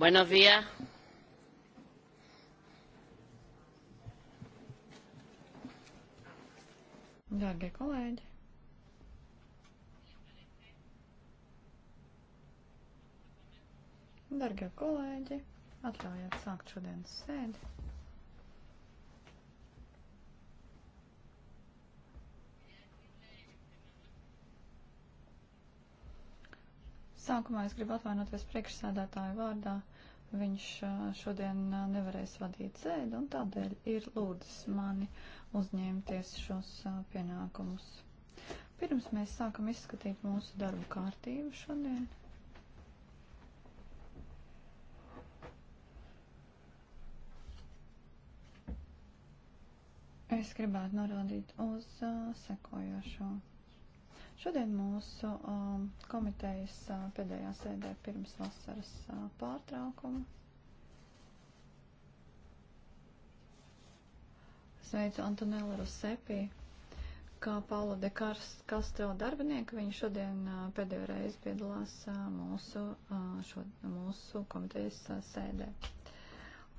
Buenos días. Dārgie kolēģi. Darbie kolēģi, atļaujiet sākt šodienas sēdi. Sākumā es gribu atvainoties priekšsēdētāju vārdā. Viņš šodien nevarēs vadīt sēdi un tādēļ ir lūdzis mani uzņemties šos pienākumus. Pirms mēs sākam izskatīt mūsu darbu kārtību šodien. Es gribētu norādīt uz uh, sekojošo. Šodien mūsu um, komitejas uh, pēdējā sēdē pirms vasaras uh, pārtraukuma. Sveicu Antonellu Rosepī, kā Paula de Castro darbinieku. Viņa šodien uh, pēdējo reizi piedalās uh, mūsu, uh, šo, mūsu komitejas uh, sēdē.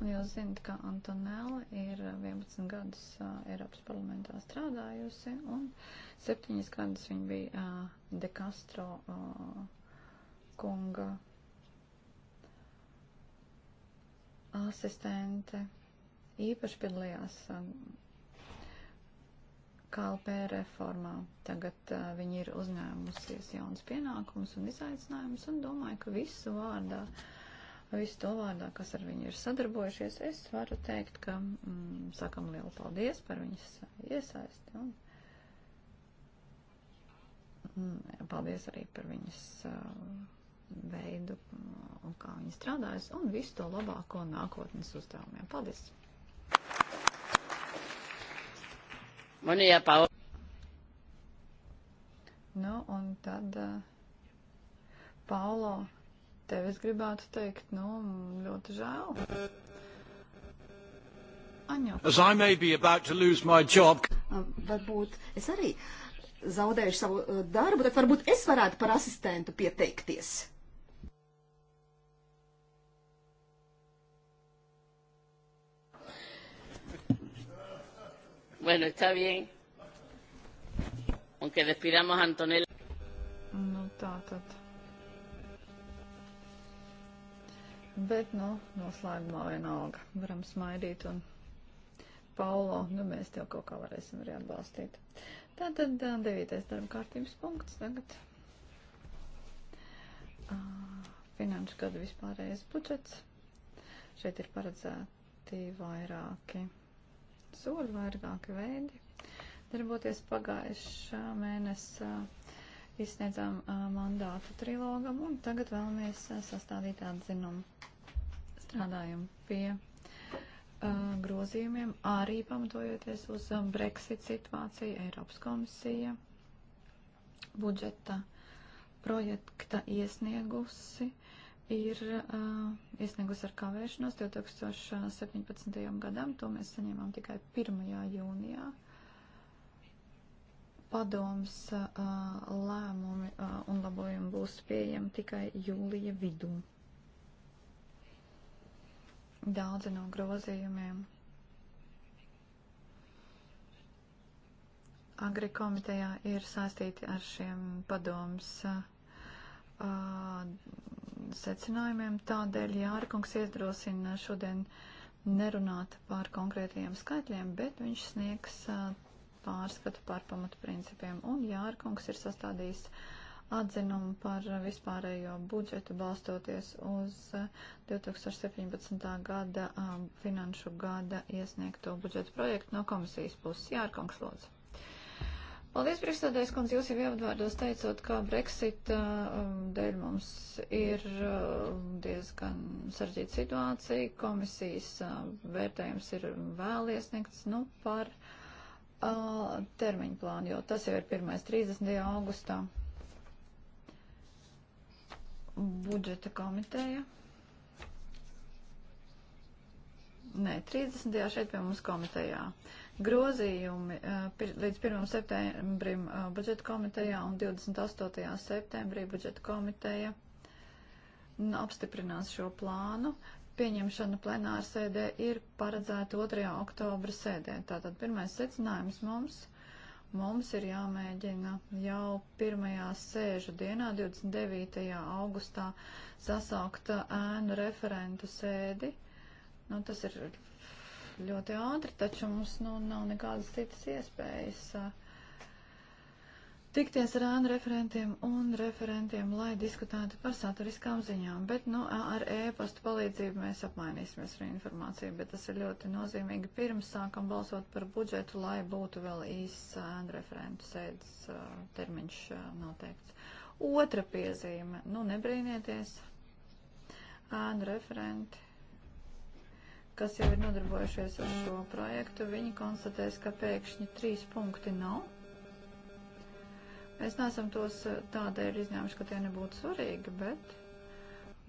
Un nu, jūs zinat, ka Antonella ir 11 uh, gadus uh, Eiropas parlamentā strādājusi, un 7 gadus viņa bija uh, De Castro uh, kunga asistente. Īpaši piedalījās uh, um, KLP reformā. Tagad uh, viņi ir uzņēmusies jaunas pienākumus un izaicinājumus un domāju, ka visu vārdā uh, visu to vārdā, kas ar viņu ir sadarbojušies, es varu teikt, ka mm, sakam lielu paldies par viņas iesaisti. Un, mm, paldies arī par viņas uh, veidu, mm, un kā viņi strādājas, un visu to labāko nākotnes uzdevumiem. Paldies! Monija Paula. Nu, un tad uh, Paulo tev es gribētu teikt, nu, ļoti žēl. Aņo. Varbūt es arī zaudējuši savu darbu, tad varbūt es varētu par asistentu pieteikties. Bueno, está bien. Aunque despidamos a Antonella. No, nu, tā, tā, tā. Bet, nu, noslēgumā vienalga. Varam smaidīt un Paulo, nu, mēs tev kaut kā varēsim arī atbalstīt. Tātad devītais darba kārtības punkts tagad. Finanšu gada vispārējais budžets. Šeit ir paredzēti vairāki soļi, vairāki veidi. Darboties pagājušā mēnesa. Uh, izsniedzām mandātu trilogam un tagad vēlamies sastādīt atzinumu. Strādājam pie grozījumiem, arī pamatojoties uz Brexit situāciju, Eiropas komisija budžeta projekta iesniegusi ir uh, iesniegusi ar kavēšanos 2017. gadam, to mēs saņēmām tikai 1. jūnijā. Uh, padoms lēmumi un labojumi būs pieejami tikai jūlija vidū. Daudzi no grozījumiem Agri komitejā ir saistīti ar šiem padomus secinājumiem. Tādēļ Jārkungs iedrosina šodien nerunāt par konkrētajiem skaitļiem, bet viņš sniegs pārskatu par pamatprincipiem. Un Jārkungs ir sastādījis atzinumu par vispārējo budžetu balstoties uz 2017. Eh, gada um, finanšu gada iesniegto budžetu projektu no komisijas puses. Jārkungs, lūdzu. Paldies, priekšstādājs kundze, jūs jau ievadvārdos teicot, ka Brexit eh, dēļ mums ir diezgan saržģīta situācija, komisijas vērtējums ir vēl iesniegts, nu, par uh, uh, termiņu plānu, jo tas jau ir 1.30. augustā budžeta komiteja. Nē, 30. šeit pie mums komitejā. Grozījumi uh, pir, līdz 1. septembrim uh, budžeta komitejā un 28. septembrī budžeta komiteja apstiprinās šo plānu pieņemšana plenāra sēdē ir paredzēta 2. oktobra sēdē. Tātad pirmais secinājums mums, mums ir jāmēģina jau pirmajā sēžu dienā, 29. augustā, sasaukt uh, ēnu referentu sēdi. Nu, tas ir ļoti ātri, taču mums nu, nav nekādas citas iespējas. Uh, tikties ar ēnu referentiem un referentiem, lai diskutētu par saturiskām ziņām. Bet, nu, ar e-pasta palīdzību mēs apmainīsimies ar informāciju, bet tas ir ļoti nozīmīgi. Pirms sākam balsot par budžetu, lai būtu vēl īsts ēnu referentu sēdes termiņš noteikts. Otra piezīme, nu, nebrīnieties, ēnu referenti kas jau ir nodarbojušies ar šo projektu, viņi konstatēs, ka pēkšņi trīs punkti nav Mēs neesam tos eh, tādēļ izņēmuši, ka tie nebūtu svarīgi, bet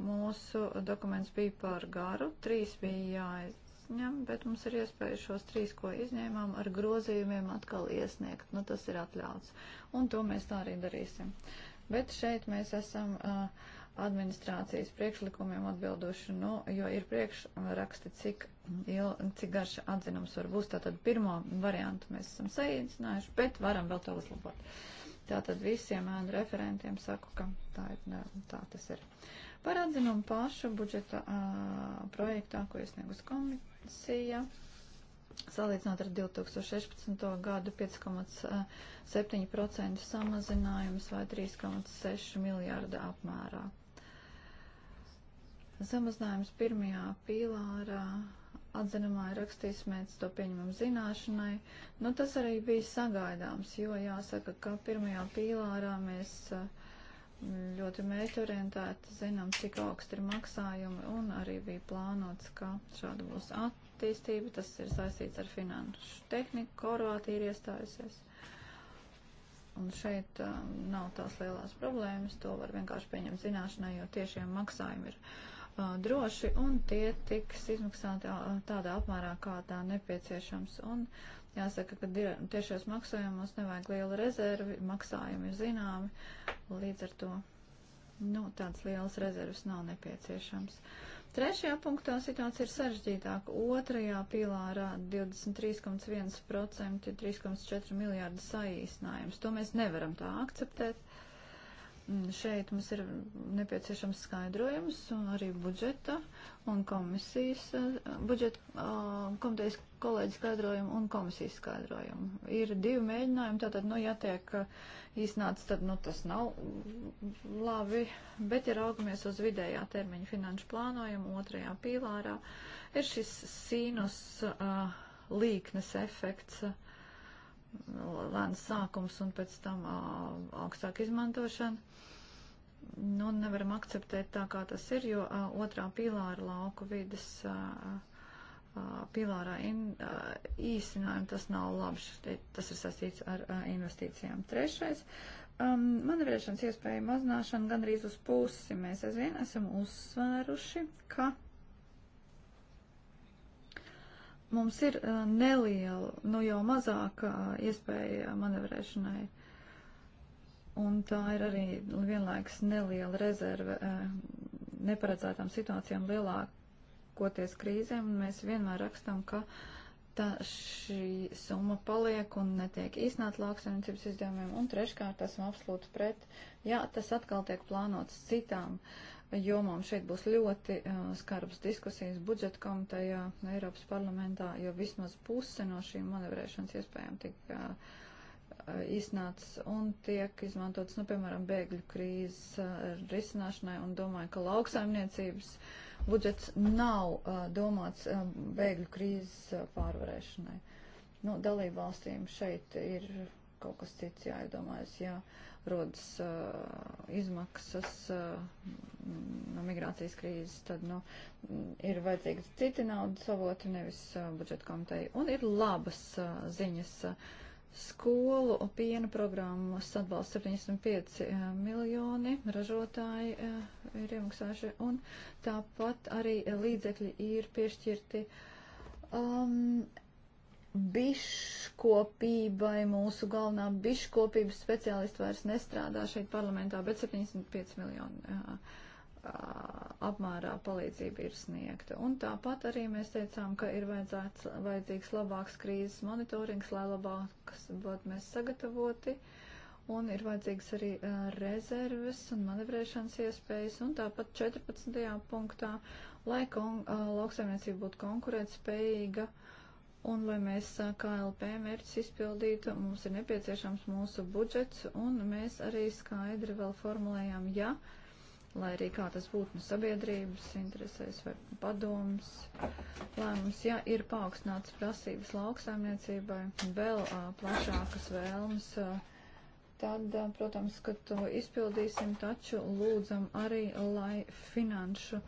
mūsu dokuments bija par garu, trīs bija jāizņem, bet mums ir iespēja šos trīs, ko izņēmām, ar grozījumiem atkal iesniegt. Nu, tas ir atļauts. Un to mēs tā arī darīsim. Bet šeit mēs esam uh, administrācijas priekšlikumiem atbildoši, nu, jo ir priekšraksti, cik, il, cik garš atzinums var būs. Tātad pirmo variantu mēs esam saīcinājuši, bet varam vēl to uzlabot. Uh, Tātad visiem ēnu referentiem saku, ka tā, ir, tā tas ir. Par atzinumu pašu budžeta uh, projektā, ko iesniegus komisija, salīdzinot ar 2016. gadu 5,7% samazinājums vai 3,6 miljārda apmērā. Samazinājums pirmajā pīlārā. Uh, atzinumā ir rakstīts, mēs to pieņemam zināšanai. Nu, tas arī bija sagaidāms, jo jāsaka, ka pirmajā pīlārā mēs uh, ļoti mērķorientēti zinām, cik augsti ir maksājumi, un arī bija plānots, ka šāda būs attīstība. Tas ir saistīts ar finanšu tehniku, Korvātija ir iestājusies. Un šeit um, nav tās lielās problēmas, to var vienkārši pieņemt zināšanai, jo tiešiem maksājumi ir. Uh, droši un tie tiks izmaksāti tādā apmērā, kā tā nepieciešams. Un jāsaka, ka tiešos maksājumos nevajag liela rezervi, maksājumi ir zināmi, līdz ar to nu, tāds liels rezervs nav nepieciešams. Trešajā punktā situācija ir sarežģītāka. Otrajā pīlārā 23,1% ir 3,4 miljārdu saīsinājums. To mēs nevaram tā akceptēt. Mm, šeit mums ir nepieciešams skaidrojums un arī budžeta un komisijas, eh, budžeta eh, komitejas kolēģi skaidrojumu un komisijas skaidrojumu. Ir divi mēģinājumi, tātad, nu, ja tiek īsnāts, eh, tad, nu, tas nav labi, bet, ja raugamies uz vidējā termiņa finanšu plānojumu, otrajā pīlārā, ir šis sīnus uh, līknes efekts. Uh, lēns sākums un pēc tam uh, augstāk izmantošana nu, nevaram akceptēt tā, kā tas ir, jo uh, otrā pīlāra lauku vidas uh, uh, pīlārā in, uh, īsinājumu tas nav labs. Tas ir sasīts ar uh, investīcijām. Trešais. Um, manevrēšanas iespēja mazināšana gandrīz uz pusi. Mēs aizvien esam uzsvēruši, ka mums ir uh, neliela, nu jau mazāka uh, iespēja manevrēšanai. Uh, Un tā ir arī vienlaiks neliela rezerve eh, neparedzētām situācijām lielākoties krīzēm. Mēs vienmēr rakstam, ka tā šī summa paliek un netiek īstenāt lauksaimniecības izdevumiem. Un treškārt esam absolūti pret. Jā, tas atkal tiek plānots citām jomām. Šeit būs ļoti uh, skarbas diskusijas budžeta komitejā Eiropas parlamentā, jo vismaz puse no šīm manevrēšanas iespējām tika. Uh, eh, iznācis un tiek izmantots, nu, piemēram, bēgļu krīzes risināšanai un domāju, ka lauksaimniecības budžets nav domāts bēgļu krīzes pārvarēšanai. Nu, dalību valstīm šeit ir kaut kas cits jāiedomājas, jā, rodas uh, izmaksas uh, no migrācijas krīzes, tad, nu, ir vajadzīga citi naudas avoti, nevis uh, budžeta komiteja. Un ir labas uh, ziņas. Uh, Skolu piena programmas atbalsta 75 eh, miljoni ražotāji eh, ir iemaksājuši, un tāpat arī līdzekļi ir piešķirti um, biškopībai. Mūsu galvenā biškopības speciālista vairs nestrādā šeit parlamentā, bet 75 miljoni. Uh, apmērā palīdzība ir sniegta. Un tāpat arī mēs teicām, ka ir vajadzīgs labāks krīzes monitorings, lai labāks būtu mēs sagatavoti. Un ir vajadzīgs arī uh, rezerves un manevrēšanas iespējas, un tāpat 14. punktā, lai kon, uh, lauksaimniecība būtu konkurētspējīga un lai mēs uh, KLP mērķus izpildītu, mums ir nepieciešams mūsu budžets, un mēs arī skaidri vēl formulējām, ja uh, lai arī kā tas būtu no sabiedrības interesēs vai padomas lēmums, ja ir paaugstināts prasības lauksaimniecībai, vēl a, plašākas vēlmes, a, tad, a, protams, ka to izpildīsim, taču lūdzam arī, lai finanšu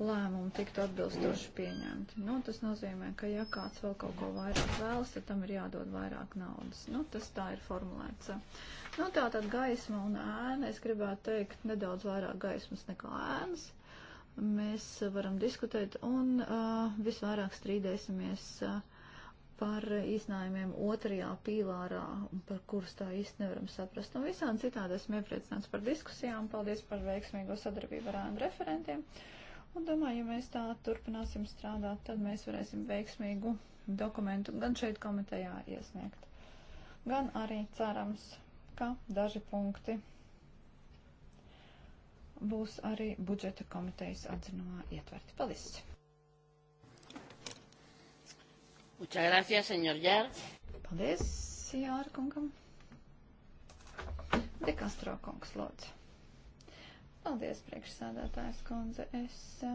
lēmumi tiktu atbilstoši pieņemti. Nu, tas nozīmē, ka ja kāds vēl kaut ko vairāk vēlas, tad tam ir jādod vairāk naudas. Nu, tas tā ir formulēts. Nu, tā tad gaisma un ēna, es gribētu teikt, nedaudz vairāk gaismas nekā ēnas. Mēs varam diskutēt un uh, visvairāk strīdēsimies. Uh, par iznājumiem otrajā pīlārā, par kurus tā īsti nevaram saprast. Un visādi citādi esmu iepriecināts par diskusijām. Paldies par veiksmīgo sadarbību ar ēnu referentiem. Uh, Un domāju, ja mēs tā turpināsim strādāt, tad mēs varēsim veiksmīgu dokumentu gan šeit komitejā iesniegt, gan arī cerams, ka daži punkti būs arī budžeta komitejas atzinumā ietverti. Paldies! Muchas gracias, señor Jār. Paldies, Jāra kungam. Dekastro kungs, lūdzu. Paldies, priekšsādātājs kundze. Es uh,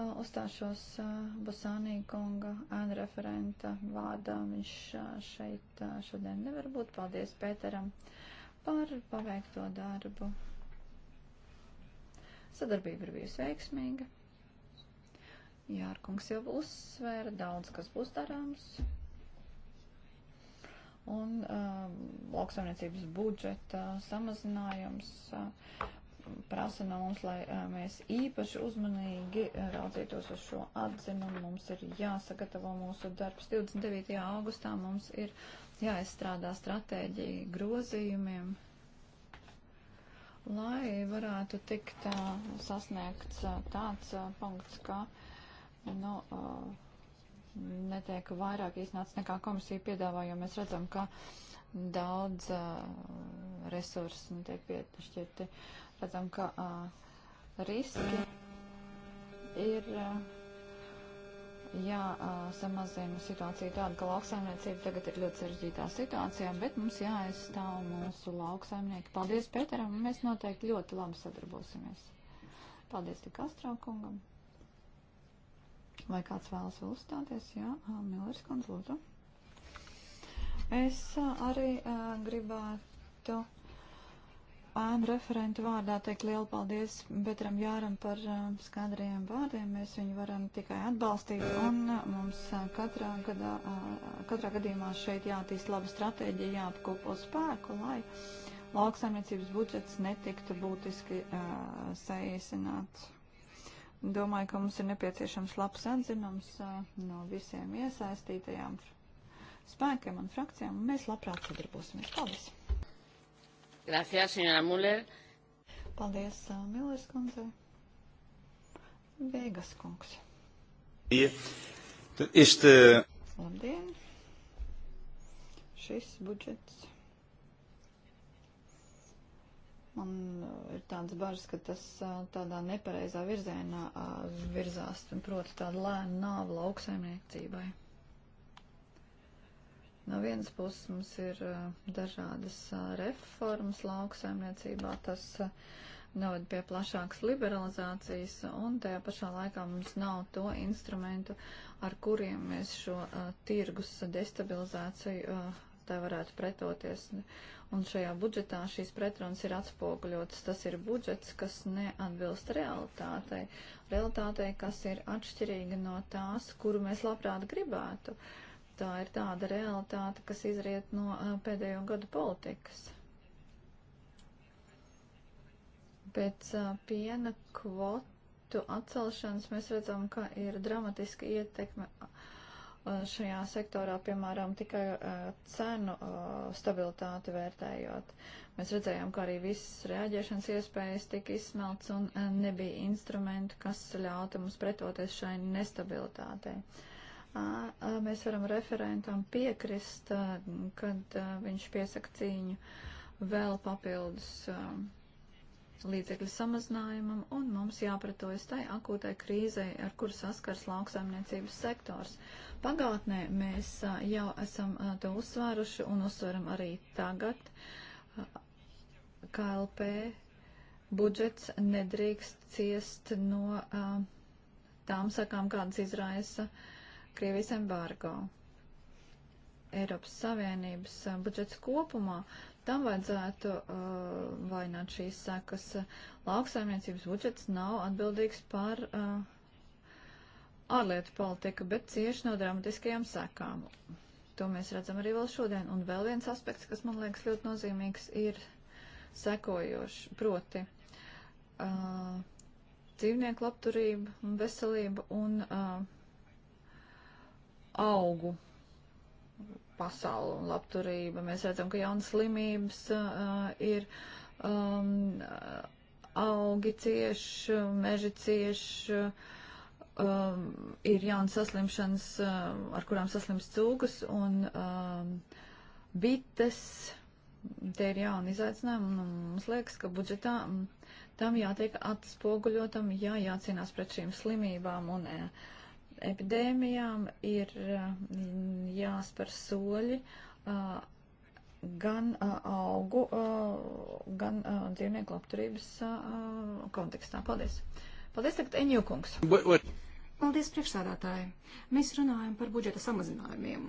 uh uzstāšos uh, Basānī kunga ēna referenta vārdā. Viņš uh, šeit uh, šodien nevar būt. Paldies Pēteram par paveikto darbu. Sadarbība ir bijusi veiksmīga. Jārkungs jau uzsvēra daudz, kas būs darāms un uh, lauksaimniecības budžeta samazinājums uh, prasa no mums, lai uh, mēs īpaši uzmanīgi uh, raudzītos uz šo atzinumu. Mums ir jāsagatavo mūsu darbs. 29. augustā mums ir jāizstrādā stratēģija grozījumiem, lai varētu tikt uh, sasniegts uh, tāds uh, punkts, kā. Nu, uh, netiek vairāk īstenots nekā komisija piedāvā, jo mēs redzam, ka daudz uh, resursu tiek piešķirti. Redzam, ka uh, riski ir uh, jāsamazina uh, situācija tāda, ka lauksaimniecība tagad ir ļoti sarežģītā situācijā, bet mums jāaizstāv mūsu lauksaimnieki. Paldies Pēteram, un mēs noteikti ļoti labi sadarbosimies. Paldies tik Astrā kungam. Vai kāds vēlas vēl uzstāties? Jā, Milers kundze, lūdzu. Es arī uh, gribētu ēnu referentu vārdā teikt lielu paldies Petram Jāram par uh, skaidriem vārdiem. Mēs viņu varam tikai atbalstīt un uh, mums uh, katrā, gadā, uh, katrā gadījumā šeit jātīst laba stratēģija, jāapkopo spēku, lai lauksaimniecības budžets netiktu būtiski uh, saīsināts Domāju, ka mums ir nepieciešams labs atzinums uh, no visiem iesaistītajām spēkiem un frakcijām, un mēs labprāt sadarbosimies. Paldies! Gracias, senora Muller. Paldies, uh, Millers kundze. Vēgas kungs. Este... Labdien! Šis budžets Man eh, ir tāds bažas, ka tas eh, tādā nepareizā virzienā eh, virzās, proti tāda lēna nāva lauksaimniecībai. No vienas puses mums ir dažādas reformas lauksaimniecībā, tas noved pie plašākas liberalizācijas, un tajā pašā laikā mums nav to instrumentu, ar kuriem mēs šo tirgus destabilizāciju tā varētu pretoties. Un šajā budžetā šīs pretrunas ir atspoguļotas. Tas ir budžets, kas neatbilst realitātei. Realitātei, kas ir atšķirīga no tās, kuru mēs labprāt gribētu. Tā ir tāda realitāte, kas izriet no pēdējo gadu politikas. Pēc piena kvotu atcelšanas mēs redzam, ka ir dramatiska ietekme Eh, šajā sektorā, piemēram, tikai eh, cenu eh, stabilitāti vērtējot. Mēs redzējām, ka arī visas reaģēšanas iespējas tika izsmelts un nebija instrumentu, kas ļautu mums pretoties šai nestabilitātei. Mēs varam referentam piekrist, kad viņš piesaka cīņu vēl papildus līdzekļu samazinājumam, un mums jāpratojas tai akūtai krīzei, ar kur saskars lauksaimniecības sektors. Pagātnē mēs jau esam to uzsvēruši un uzsveram arī tagad. KLP budžets nedrīkst ciest no tām sakām, kādas izraisa Krievijas embargo. Eiropas Savienības budžets kopumā Tam vajadzētu uh, vainot šīs sekas. Lauksaimniecības budžets nav atbildīgs par uh, ārlietu politiku, bet cieši no dramatiskajām sekām. To mēs redzam arī vēl šodien. Un vēl viens aspekts, kas man liekas ļoti nozīmīgs, ir sekojošs. Proti, uh, dzīvnieku labturība, veselība un uh, augu pasauli un labturība. Mēs redzam, ka jaunas slimības uh, ir um, augi cieši, meži cieši, um, ir jaunas saslimšanas, um, ar kurām saslims cūkas un um, bites. Tie ir jauni izaicinājumi un mums liekas, ka budžetā mm, tam jātiek atspoguļotam, jā, jācīnās pret šīm slimībām un. Uh, epidēmijām ir mm, jāspēr soļi gan augu, gan dzīvnieku labturības kontekstā. Paldies! Paldies, tagad Eņjūkungs! Paldies, priekšsādātāji! Mēs runājam par budžeta samazinājumiem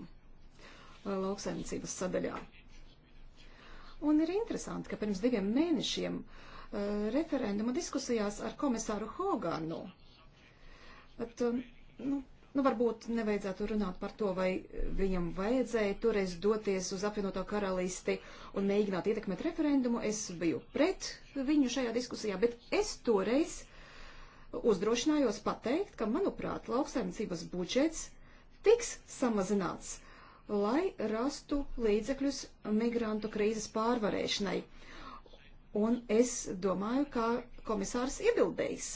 lauksaimniecības sadaļā. Un ir interesanti, ka pirms diviem mēnešiem referenduma diskusijās ar komisāru Hoganu At, um, nu, nu, varbūt nevajadzētu runāt par to, vai viņam vajadzēja toreiz doties uz apvienoto karalisti un mēģināt ietekmēt referendumu. Es biju pret viņu šajā diskusijā, bet es toreiz uzdrošinājos pateikt, ka, manuprāt, lauksaimniecības budžets tiks samazināts, lai rastu līdzekļus migrantu krīzes pārvarēšanai. Un es domāju, ka komisārs iebildēs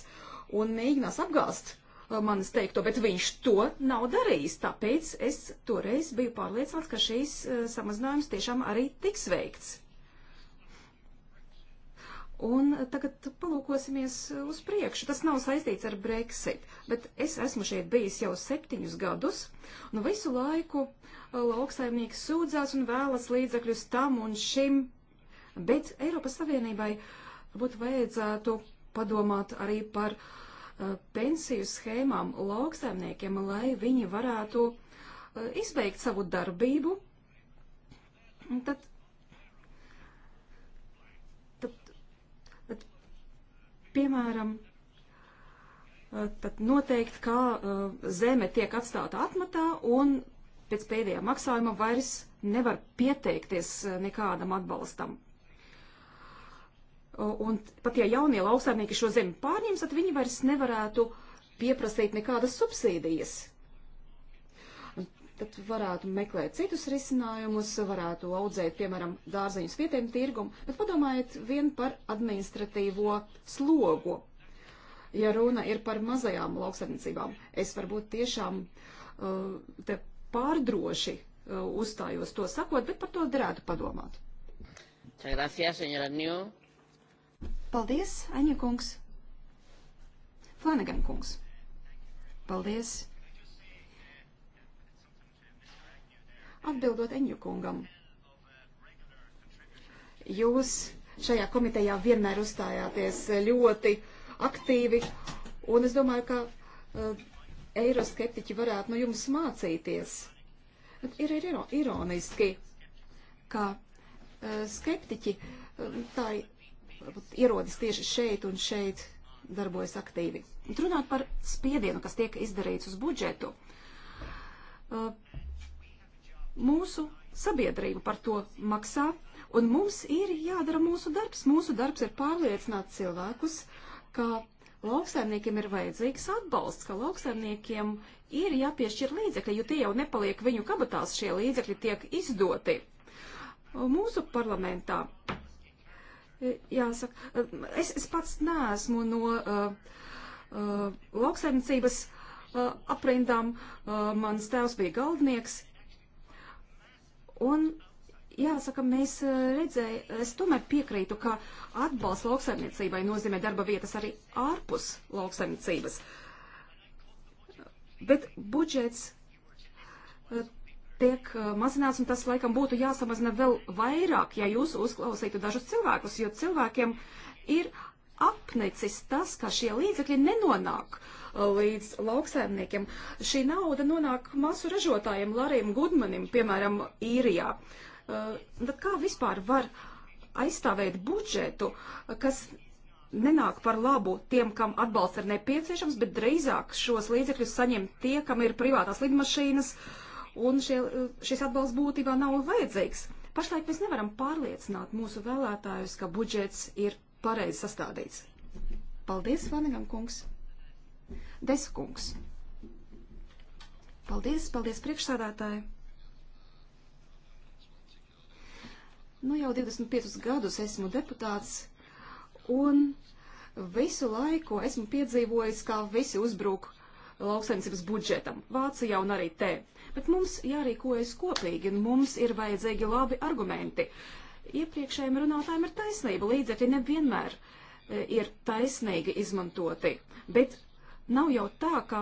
un mēģinās apgāst Uh, manis teikto, bet viņš to nav darījis. Tāpēc es toreiz biju pārliecināts, ka šīs uh, samazinājums tiešām arī tiks veikts. Un uh, tagad palūkosimies uz priekšu. Tas nav saistīts ar Brexit, bet es esmu šeit bijis jau septiņus gadus. Nu visu laiku lauksaimnieks sūdzās un vēlas līdzakļus tam un šim. Bet Eiropas Savienībai būtu vajadzētu padomāt arī par uh, Uh, pensiju schēmām lauksaimniekiem, lai viņi varētu uh, izbeigt savu darbību. Un tad, tad, tad piemēram, uh, tad noteikti, kā zeme tiek atstāta atmatā un pēc pēdējā maksājuma vairs nevar pieteikties nekādam atbalstam un pat ja jaunie lauksaimnieki šo zemi pārņems, tad viņi vairs nevarētu pieprasīt nekādas subsīdijas. Tad varētu meklēt citus risinājumus, varētu audzēt, piemēram, dārzeņus vietējiem tirgumu, bet padomājiet vien par administratīvo slogu. Ja runa ir par mazajām lauksaimniecībām, es varbūt tiešām uh, te pārdroši uh, uzstājos to sakot, bet par to derētu padomāt. Muchas gracias, señora New. Paldies, Aņa kungs. Flanagan kungs. Paldies. Atbildot Aņu kungam. Jūs šajā komitejā vienmēr uzstājāties ļoti aktīvi, un es domāju, ka uh, eiroskeptiķi varētu no jums mācīties. Bet ir, ir ironiski, ka uh, skeptiķi uh, tā ierodas tieši šeit un šeit darbojas aktīvi. Un runāt par spiedienu, kas tiek izdarīts uz budžetu. Eh, mūsu sabiedrība par to maksā, un mums ir jādara mūsu darbs. Mūsu darbs ir pārliecināt cilvēkus, ka lauksaimniekiem ir vajadzīgs atbalsts, ka lauksaimniekiem ir jāpiešķir līdzekļi, jo tie jau nepaliek viņu kabatās, šie līdzekļi tiek izdoti. Mūsu parlamentā Jāsaka, eh, es, es pats neesmu no uh, uh, lauksaimniecības uh, aprindām. Uh, mans tēvs bija galdnieks. Un jāsaka, mēs redzējām, es tomēr piekrītu, ka atbalsts lauksaimniecībai nozīmē darba vietas arī ārpus lauksaimniecības. Bet budžets tiek uh, mazināts, un tas laikam būtu jāsamazina vēl vairāk, ja jūs uzklausītu dažus cilvēkus, jo cilvēkiem ir apnicis tas, ka šie līdzekļi nenonāk uh, līdz lauksēmniekiem. Šī nauda nonāk masu ražotājiem, Larijam Gudmanim, piemēram, īrijā. Uh, Tad kā vispār var aizstāvēt budžetu, kas nenāk par labu tiem, kam atbalsts ir nepieciešams, bet drīzāk šos līdzekļus saņem tie, kam ir privātās lidmašīnas, uh, un šie, šis atbalsts būtībā nav vajadzīgs. Pašlaik mēs nevaram pārliecināt mūsu vēlētājus, ka budžets ir pareizi sastādīts. Paldies, Vanigam kungs! Desa kungs! Paldies, paldies priekšsādātāji! Nu jau 25 gadus esmu deputāts un visu laiku esmu piedzīvojis, kā visi uzbrūk lauksaimniecības budžetam, Vācijā un arī te. Bet mums jārīkojas kopīgi un mums ir vajadzīgi labi argumenti. Iepriekšējiem runātājiem ir taisnība, līdzekļi nevienmēr e, ir taisnīgi izmantoti, bet nav jau tā, ka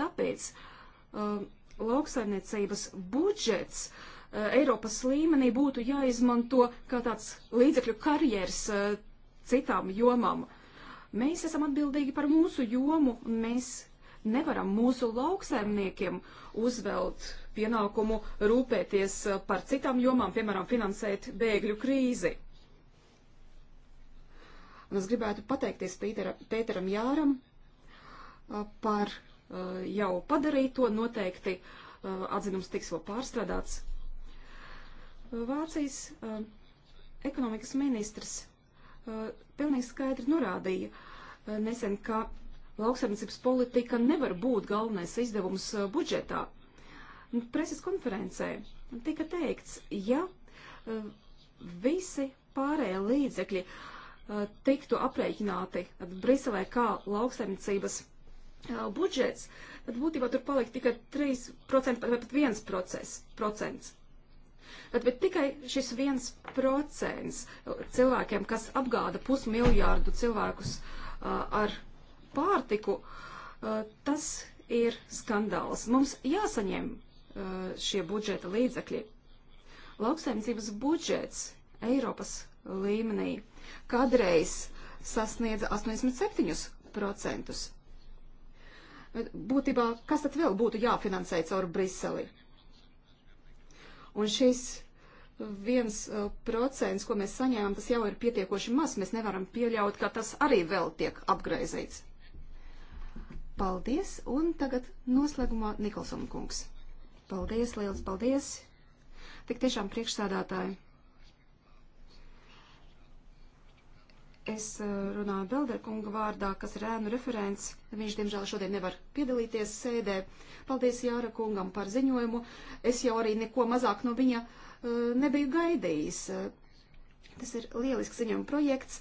tāpēc um, lauksaimniecības budžets uh, Eiropas līmenī būtu jāizmanto kā tāds līdzekļu karjers uh, citām jomām. Mēs esam atbildīgi par mūsu jomu, un mēs nevaram mūsu lauksaimniekiem uzvelt pienākumu rūpēties eh, par citām jomām, piemēram, finansēt bēgļu krīzi. Un es gribētu pateikties Pītera, Pēteram Jāram eh, par eh, jau padarīto. Noteikti atzinums tiks vēl pārstrādāts. Vācijas ekonomikas ministrs pilnīgi skaidri norādīja nesen, ka lauksaimniecības politika nevar būt galvenais izdevums uh, budžetā. Preses konferencē tika teikts, ja uh, visi pārējie līdzekļi uh, tiktu aprēķināti Briselē kā lauksaimniecības budžets, tad būtībā tur paliek tikai 3% vai pat 1%. Tad, bet tikai šis viens procents cilvēkiem, kas apgāda pusmiljārdu cilvēkus uh, ar pārtiku, uh, tas ir skandāls. Mums jāsaņem uh, šie budžeta līdzekļi. Lauksaimniecības budžets Eiropas līmenī kādreiz sasniedza 87%. Būtībā, kas tad vēl būtu jāfinansē caur Briseli? Un šis viens uh, procents, ko mēs saņēmām, tas jau ir pietiekoši maz. Mēs nevaram pieļaut, ka tas arī vēl tiek apgraizīts. Paldies, un tagad noslēgumā Nikolson kungs. Paldies, liels paldies. Tik tiešām priekšsādātāji. Es eh, runāju Belderkunga vārdā, kas ir ēnu referents. Viņš, diemžēl, šodien nevar piedalīties sēdē. Paldies Jāra kungam par ziņojumu. Es jau arī neko mazāk no viņa uh, nebiju gaidījis. Tas ir lielisks ziņojuma projekts,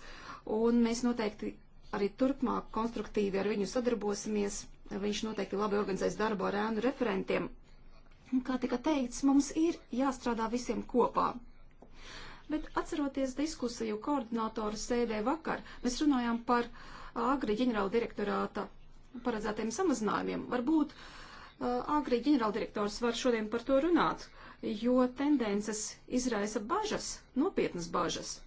un mēs noteikti arī turpmāk konstruktīvi ar viņu sadarbosimies. Viņš noteikti labi organizēs darbu ar ēnu referentiem. Un, kā tika teikts, mums ir jāstrādā visiem kopā. Bet atceroties diskusiju koordinātoru sēdē vakar, mēs runājām par agri ģenerāla direktorāta paredzētiem samazinājumiem. Varbūt uh, agri ģenerāla direktors var šodien par to runāt, jo tendences izraisa bažas, nopietnas bažas.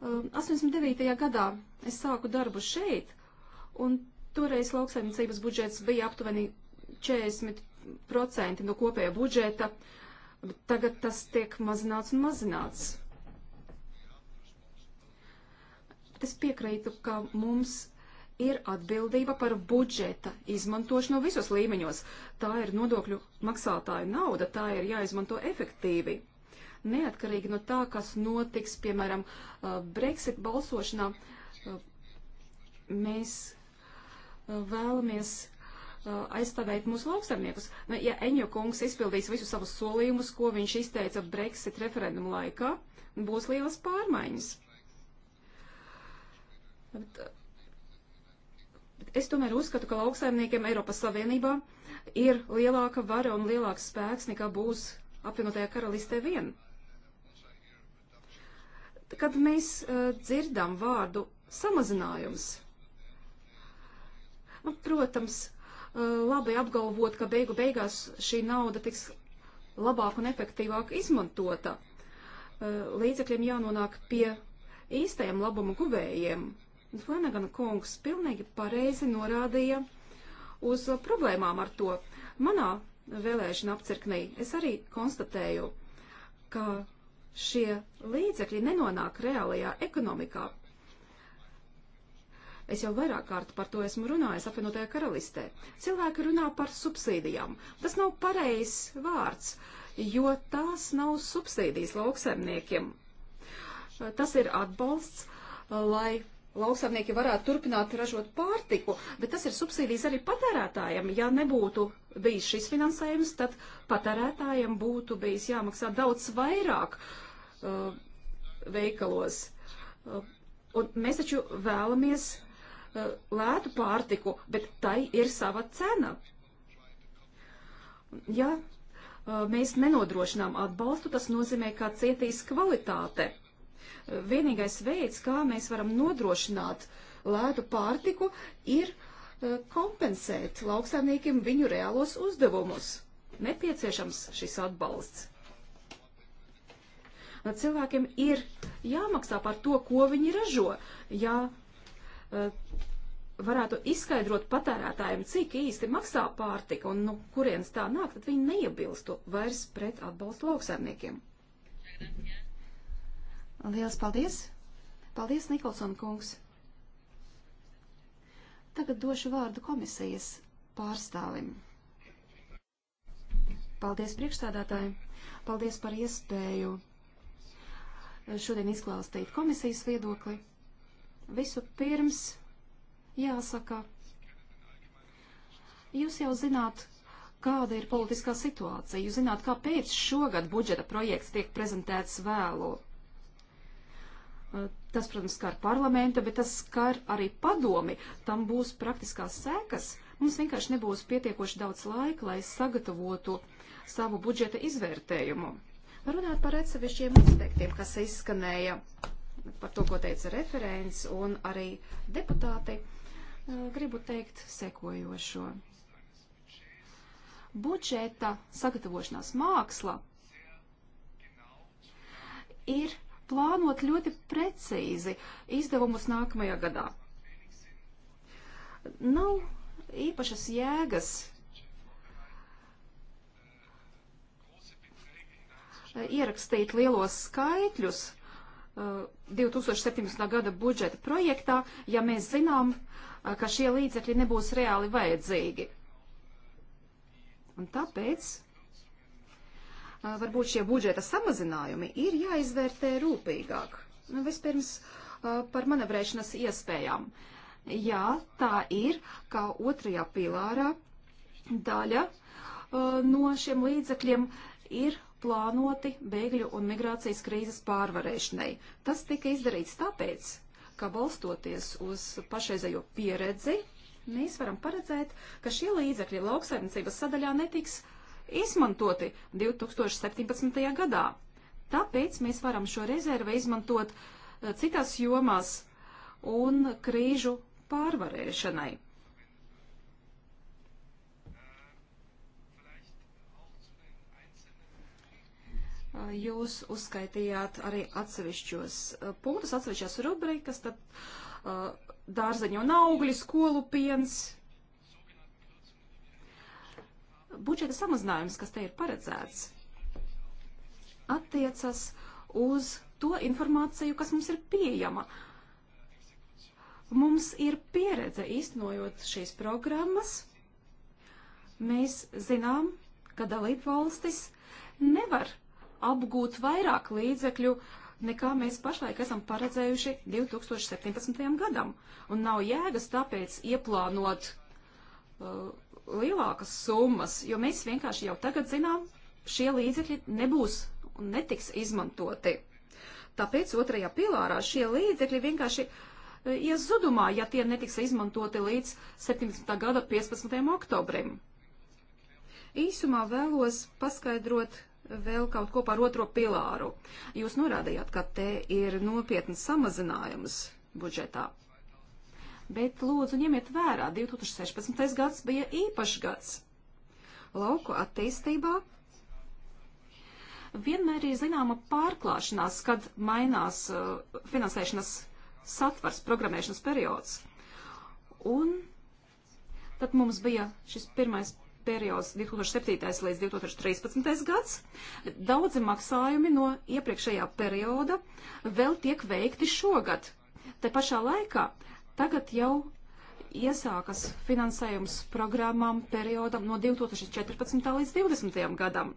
89. Um, gadā es sāku darbu šeit, un toreiz lauksaimniecības budžets bija aptuveni 40% no kopējā budžeta. Tagad tas tiek mazināts un mazināts. Es piekrītu, ka mums ir atbildība par budžeta izmantošanu visos līmeņos. Tā ir nodokļu maksātāju nauda, tā ir jāizmanto efektīvi neatkarīgi no tā, kas notiks, piemēram, uh, Brexit balsošanā, uh, mēs uh, vēlamies aizstāvēt mūsu lauksaimniekus. Nu, ja Eņo kungs izpildīs visus savus solījumus, ko viņš izteica Brexit referendumu laikā, būs lielas pārmaiņas. Bet, bet es tomēr uzskatu, ka lauksaimniekiem Eiropas Savienībā ir lielāka vara un lielāks spēks nekā būs apvienotajā karalistē vien kad mēs uh, dzirdam vārdu samazinājums. Nu, protams, uh, labi apgalvot, ka beigu beigās šī nauda tiks labāk un efektīvāk izmantota. Uh, līdzekļiem jānonāk pie īstajiem labuma guvējiem. Flanagan kungs pilnīgi pareizi norādīja uz problēmām ar to. Manā vēlēšana apcirknī es arī konstatēju, ka šie līdzekļi nenonāk reālajā ekonomikā. Es jau vairāk kārt par to esmu runājis apvienotajā karalistē. Cilvēki runā par subsīdijām. Tas nav pareizs vārds, jo tās nav subsīdijas lauksaimniekiem. Tas ir atbalsts, lai lauksaimnieki varētu turpināt ražot pārtiku, bet tas ir subsīdijas arī patērētājiem. Ja nebūtu bijis šis finansējums, tad patērētājiem būtu bijis jāmaksā daudz vairāk uh, veikalos. Uh, un mēs taču vēlamies uh, lētu pārtiku, bet tai ir sava cena. Ja uh, mēs nenodrošinām atbalstu, tas nozīmē, ka cietīs kvalitāte vienīgais veids, kā mēs varam nodrošināt lētu pārtiku, ir e, kompensēt lauksaimniekiem viņu reālos uzdevumus. Nepieciešams šis atbalsts. Cilvēkiem ir jāmaksā par to, ko viņi ražo. Jā, e, varētu izskaidrot patērētājiem, cik īsti maksā pārtika un no nu, kurienes tā nāk, tad viņi neiebilstu vairs pret atbalstu lauksaimniekiem. Paldies. Lielas paldies! Paldies, Nikolson kungs! Tagad došu vārdu komisijas pārstāvim. Paldies priekšstādātāji! Paldies par iespēju šodien izklāstīt komisijas viedokli. Visu pirms jāsaka, jūs jau zināt, kāda ir politiskā situācija. Jūs zināt, kāpēc šogad budžeta projekts tiek prezentēts vēlu. Eh, tas, protams, skar parlamentu, bet tas skar arī padomi. Tam būs praktiskās sekas. Mums vienkārši nebūs pietiekoši daudz laika, lai sagatavotu savu budžeta izvērtējumu. Runāt par atsevišķiem aspektiem, kas izskanēja par to, ko teica referents un arī deputāti, eh, gribu teikt sekojošo. Budžeta sagatavošanās māksla ir plānot ļoti precīzi izdevumus nākamajā gadā. Nav īpašas jēgas eh, ierakstīt lielos skaitļus 2017. Eh, gada budžeta projektā, ja mēs zinām, eh, ka šie līdzekļi nebūs reāli vajadzīgi. Un tāpēc Eh, varbūt šie budžeta samazinājumi ir jāizvērtē rūpīgāk. Nu, vispirms eh, par manevrēšanas iespējām. Jā, tā ir, ka otrajā pilārā daļa eh, no šiem līdzekļiem ir plānoti bēgļu un migrācijas krīzes pārvarēšanai. Tas tika izdarīts tāpēc, ka balstoties uz pašreizējo pieredzi, mēs varam paredzēt, ka šie līdzekļi lauksaimniecības sadaļā netiks uh, izmantoti 2017. gadā. Tāpēc mēs varam šo rezervi izmantot eh, citās jomās un krīžu pārvarēšanai. Eh, jūs uzskaitījāt arī atsevišķos eh, punktus, atsevišķās rubrikas, tad dārzeņu un augļu skolu piens, budžeta samazinājums, kas te ir paredzēts, attiecas uz to informāciju, kas mums ir pieejama. Mums ir pieredze īstenojot šīs programmas. Mēs zinām, ka dalību valstis nevar apgūt vairāk līdzekļu, nekā mēs pašlaik esam paredzējuši 2017. gadam. Un nav jēgas tāpēc ieplānot uh, lielākas summas, jo mēs vienkārši jau tagad zinām, šie līdzekļi nebūs un netiks izmantoti. Tāpēc otrajā pilārā šie līdzekļi vienkārši e, ies zudumā, ja tie netiks izmantoti līdz 17. gada 15. oktobrim. Īsumā vēlos paskaidrot vēl kaut ko par otro pilāru. Jūs norādījāt, ka te ir nopietnas samazinājumas budžetā bet lūdzu ņemiet vērā, 2016. gads bija īpašs gads. Lauku attīstībā vienmēr ir zināma pārklāšanās, kad mainās uh, finansēšanas satvars, programmēšanas periods. Un tad mums bija šis pirmais periods 2007. līdz 2013. gads. Daudzi maksājumi no iepriekšējā perioda vēl tiek veikti šogad. Te pašā laikā Tagad jau iesākas finansējums programmām periodam no 2014. līdz 2020. gadam.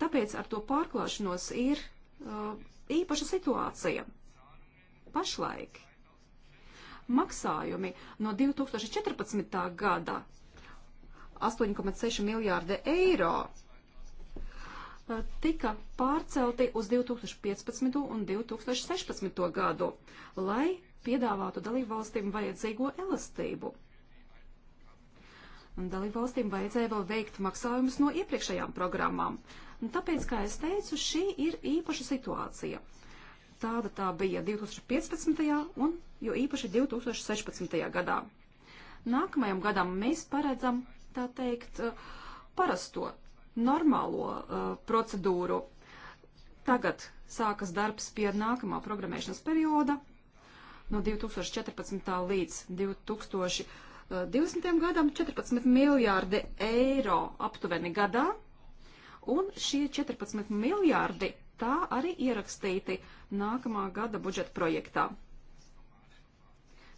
Tāpēc ar to pārklāšanos ir uh, īpaša situācija. Pašlaik maksājumi no 2014. gada 8,6 miljārdi eiro uh, tika pārcelti uz 2015. un 2016. gadu, lai piedāvātu dalībvalstīm vajadzīgo elastību. Dalībvalstīm vajadzēja vēl veikt maksājumus no iepriekšējām programmām. Un tāpēc, kā es teicu, šī ir īpaša situācija. Tāda tā bija 2015. un jo īpaši 2016. gadā. Nākamajam gadam mēs paredzam, tā teikt, parasto, normālo uh, procedūru. Tagad sākas darbs pie nākamā programmēšanas perioda, no 2014. līdz 2020. gadam 14 miljārdi eiro aptuveni gadā, un šie 14 miljārdi tā arī ierakstīti nākamā gada budžeta projektā.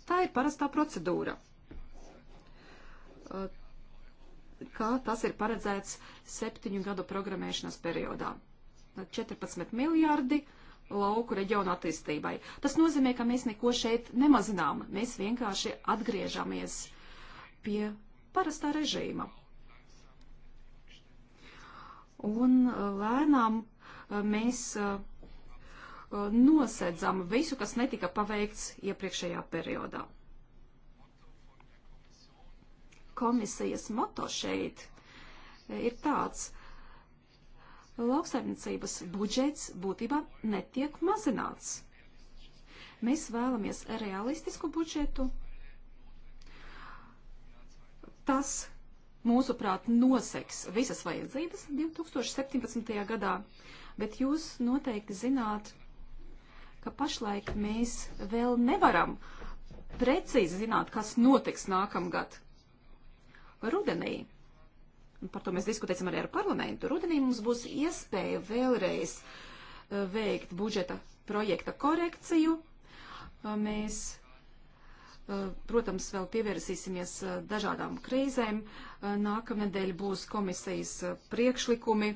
Tā ir parastā procedūra, kā tas ir paredzēts septiņu gadu programmēšanas periodā. 14 miljārdi eiro lauku reģionu attīstībai. Tas nozīmē, ka mēs neko šeit nemazinām, mēs vienkārši atgriežamies pie parastā režīma. Un uh, lēnām uh, mēs uh, nosedzam visu, kas netika paveikts iepriekšējā periodā. Komisijas moto šeit ir tāds lauksaimniecības budžets būtībā netiek mazināts. Mēs vēlamies realistisku budžetu. Tas, mūsuprāt, noseks visas vajadzības 2017. gadā, bet jūs noteikti zināt, ka pašlaik mēs vēl nevaram precīzi zināt, kas notiks nākamgad. Rudenī par to mēs diskutēsim arī ar parlamentu. Rudenī mums būs iespēja vēlreiz e, veikt budžeta projekta korekciju. E, mēs, e, protams, vēl pievērsīsimies dažādām krīzēm. Nākamnedēļ būs komisijas priekšlikumi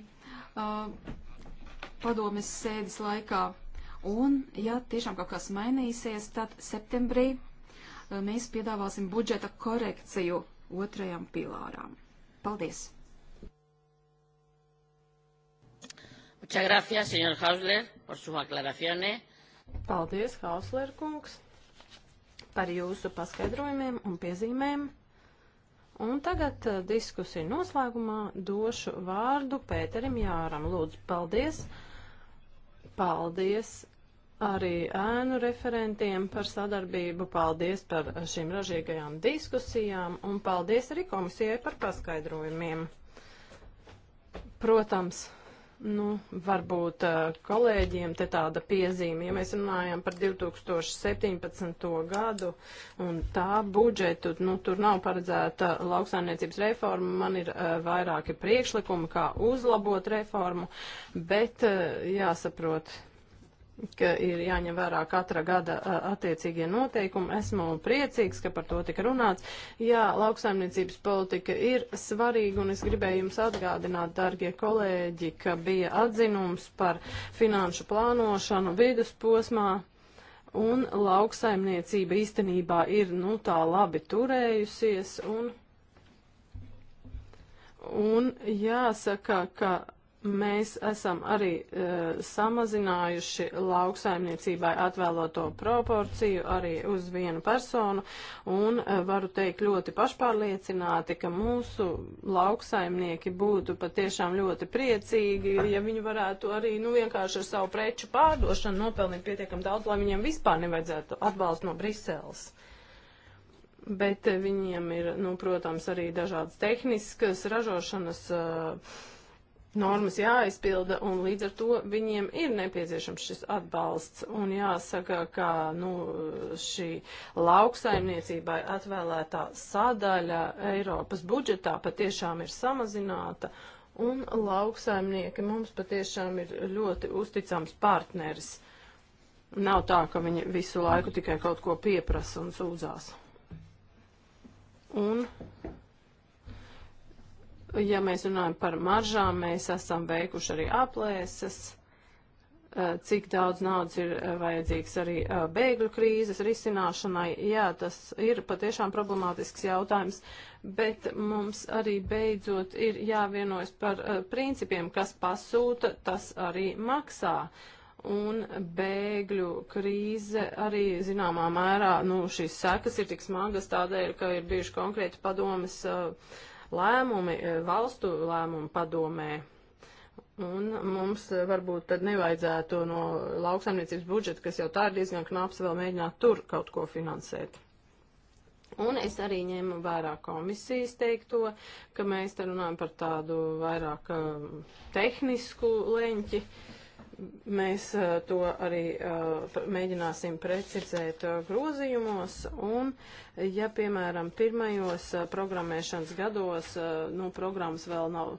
padomes sēdes laikā. Un, ja tiešām kaut kas mainīsies, tad septembrī mēs piedāvāsim budžeta korekciju otrajam pilāram. Paldies! Muchas gracias, señor Hausler, por sus aclaraciones. Paldies, Hausler kungs, par jūsu paskaidrojumiem un piezīmēm. Un tagad uh, diskusiju noslēgumā došu vārdu Pēterim Jāram. Lūdzu, paldies. Paldies arī ēnu referentiem par sadarbību, paldies par šīm ražīgajām diskusijām un paldies arī komisijai par paskaidrojumiem. Protams, Nu, varbūt kolēģiem te tāda piezīme, ja mēs runājam par 2017. gadu un tā budžetu, nu, tur nav paredzēta lauksaimniecības reforma, man ir uh, vairāki priekšlikumi, kā uzlabot reformu, bet uh, jāsaprot, ka ir jāņem vērā katra gada attiecīgie noteikumi. Esmu priecīgs, ka par to tika runāts. Jā, lauksaimniecības politika ir svarīga, un es gribēju jums atgādināt, dārgie kolēģi, ka bija atzinums par finanšu plānošanu vidusposmā. Un lauksaimniecība īstenībā ir nu, tā labi turējusies, un, un jāsaka, ka Mēs esam arī e, samazinājuši lauksaimniecībai atvēloto proporciju arī uz vienu personu un e, varu teikt ļoti pašpārliecināti, ka mūsu lauksaimnieki būtu patiešām ļoti priecīgi, ja viņi varētu arī nu, vienkārši ar savu preču pārdošanu nopelnīt pietiekam daudz, lai viņiem vispār nevajadzētu atbalstu no Briseles bet eh, viņiem ir, nu, protams, arī dažādas tehniskas ražošanas uh, normas jāizpilda, un līdz ar to viņiem ir nepieciešams šis atbalsts. Un jāsaka, ka nu, šī lauksaimniecībai atvēlētā sadaļa Eiropas budžetā patiešām ir samazināta, un lauksaimnieki mums patiešām ir ļoti uzticams partneris. Nav tā, ka viņi visu laiku tikai kaut ko pieprasa un sūdzās. Un Ja mēs runājam par maržām, mēs esam veikuši arī aplēses, eh, cik daudz naudas ir eh, vajadzīgs arī eh, bēgļu krīzes risināšanai. Jā, tas ir patiešām problemātisks jautājums, bet mums arī beidzot ir jāvienojas par principiem, kas pasūta, tas arī maksā un bēgļu krīze arī zināmā mērā, nu, šīs sekas ir tik smagas tādēļ, ka ir bijuši konkrēti padomas uh, lēmumi e, valstu lēmumu padomē. Un mums e, varbūt tad nevajadzētu no lauksaimniecības budžeta, kas jau tā ir diezgan knaps, vēl mēģināt tur kaut ko finansēt. Un es arī ņēmu vērā komisijas teikto, ka mēs te runājam par tādu vairāk e, tehnisku leņķi. Uh, Mēs uh, to arī uh, mēģināsim precizēt uh, grozījumos, un ja, piemēram, pirmajos programmēšanas gados, nu, programmas vēl nav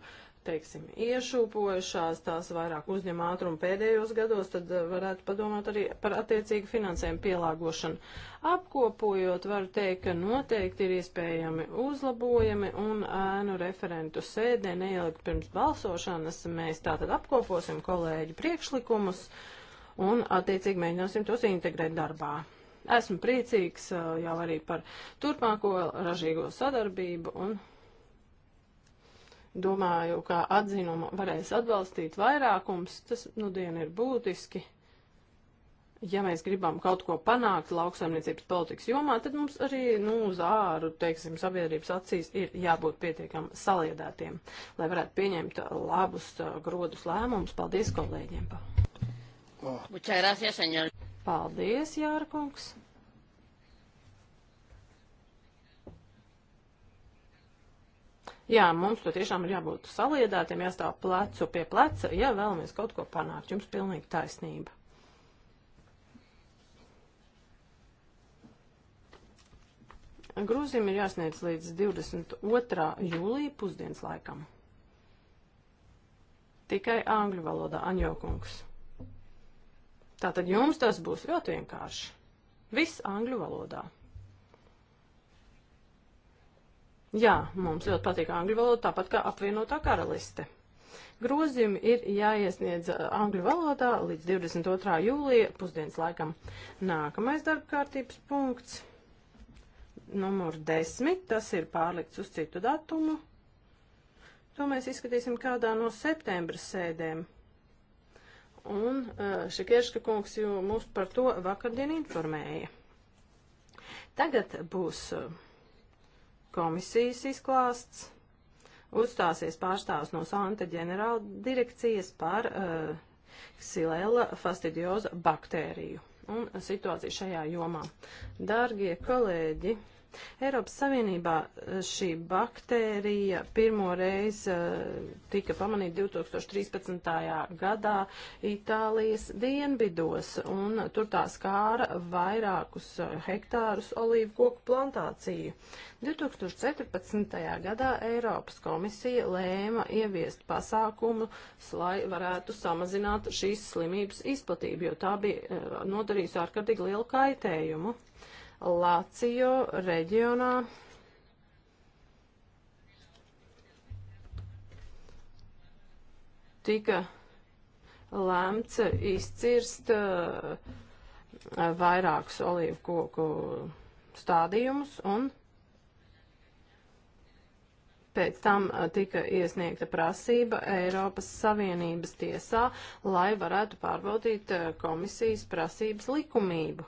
teiksim, iešūpojušās, tās vairāk uzņem ātrumu pēdējos gados, tad eh, varētu padomāt arī par attiecīgu finansējumu pielāgošanu. Apkopojot, varu teikt, ka noteikti ir iespējami uzlabojumi un ēnu referentu sēdē neielikt pirms balsošanas. Mēs tātad apkoposim kolēģi priekšlikumus un attiecīgi mēģināsim tos integrēt darbā. Esmu priecīgs eh, jau arī par turpmāko ražīgo sadarbību un Domāju, ka atzinumu varēs atbalstīt vairākums, tas nu dien ir būtiski. Ja mēs gribam kaut ko panākt lauksaimniecības politikas jomā, tad mums arī, nu, uz āru, teiksim, sabiedrības acīs ir jābūt pietiekam saliedētiem, lai varētu pieņemt labus, uh, grodus lēmumus. Paldies kolēģiem! Paldies, Jārkungs! Jā, mums to tiešām ir jābūt saliedātiem, jāstāv plecu pie pleca, ja vēlamies kaut ko panākt. Jums pilnīgi taisnība. Grūzijam ir jāsniedz līdz 22. jūlija pusdienas laikam. Tikai angļu valodā, Anjokungs. Tātad jums tas būs ļoti vienkārši. Viss angļu valodā. Jā, mums ļoti patīk angļu valoda, tāpat kā apvienotā karaliste. Grozījumi ir jāiesniedz uh, angļu valodā līdz 22. jūlija pusdienas laikam. Nākamais darba kārtības punkts, numur 10, tas ir pārlikts uz citu datumu. To mēs izskatīsim kādā no septembra sēdēm. Un uh, Šekierska kungs jau mūs par to vakardien informēja. Tagad būs uh, komisijas izklāsts. Uzstāsies pārstāvs no Santa ģenerāla direkcijas par uh, ksilēla fastidioza baktēriju un situāciju šajā jomā. Dārgie kolēģi! Eiropas Savienībā eh, šī baktērija pirmo reizi eh, tika pamanīta 2013. gadā Itālijas dienvidos, un tur tā skāra vairākus eh, hektārus olīvu koku plantāciju. 2014. gadā Eiropas komisija lēma ieviest pasākumu, lai varētu samazināt šīs slimības izplatību, jo tā bija nodarījusi ārkārtīgi lielu kaitējumu. Lācijo reģionā. Tika lēmts izcirst uh, vairākus olīvu koku stādījumus un pēc tam uh, tika iesniegta prasība Eiropas Savienības tiesā, lai varētu pārbaudīt uh, komisijas prasības likumību.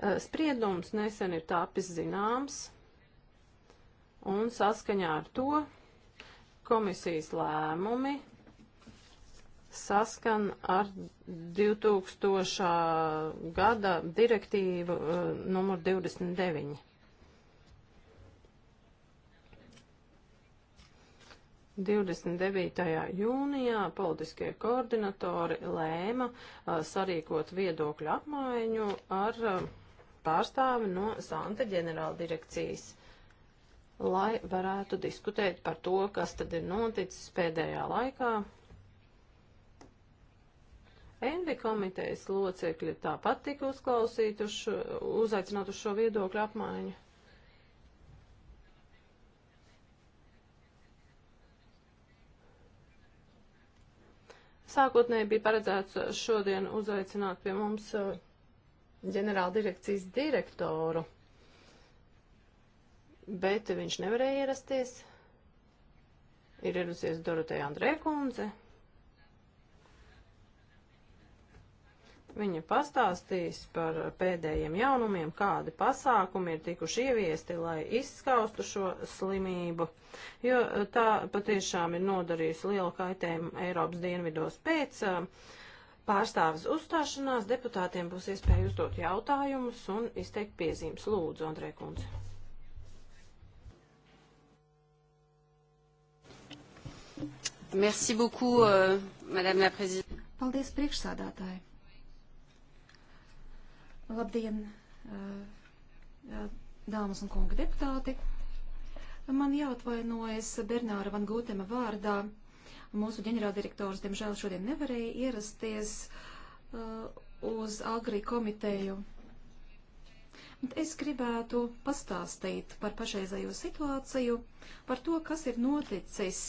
Eh, spriedums nesen ir tapis zināms, un saskaņā ar to komisijas lēmumi saskan ar 2000. gada direktīvu eh, numur 29. Divdesmit devītajā jūnijā politiskie koordinatori lēma eh, sarīkot viedokļu apmaiņu ar a, pārstāvi no Santa ģenerāla direkcijas, lai varētu diskutēt par to, kas tad ir noticis pēdējā laikā. Envi komitejas locekļi tāpat tika uzklausīti, uz, uzaicināt uz šo viedokļu apmaiņu. Sākotnēji bija paredzēts šodien uzaicināt pie mums uh, ģenerāldirekcijas direktoru, bet viņš nevarēja ierasties. Ir ieradusies Doroteja Andrēkundze. Viņa pastāstīs par pēdējiem jaunumiem, kādi pasākumi ir tikuši ieviesti, lai izskaustu šo slimību, jo tā patiešām ir nodarījusi lielu kaitējumu Eiropas dienvidos pēc uh, pārstāvis uzstāšanās deputātiem būs iespēja uzdot jautājumus un izteikt piezīmes. Lūdzu, Andrē Kunze. Merci beaucoup, euh, Madame la Présidente. Paldies, priekšsādātāji. Labdien, uh, dāmas un kunga deputāti. Man jāatvainojas Bernāra Van Gūtema vārdā. Uh, Mūsu ģenerāldirektors, diemžēl, šodien nevarēja ierasties uh, uz Agri komiteju. Bet es gribētu pastāstīt par pašreizējo situāciju, par to, kas ir noticis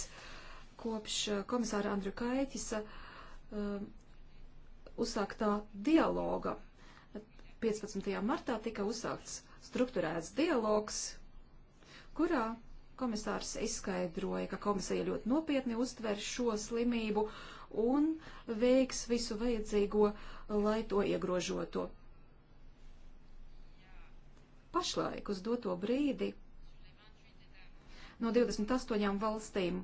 kopš komisāra Andriu Kaitisa uh, uzsāktā dialoga. 15. martā tika uzsākts struktūrēts dialogs, kurā Komisārs izskaidroja, ka komisija ļoti nopietni uztver šo slimību un veiks visu vajadzīgo, lai to iegrožotu. Pašlaik uz doto brīdi no 28 valstīm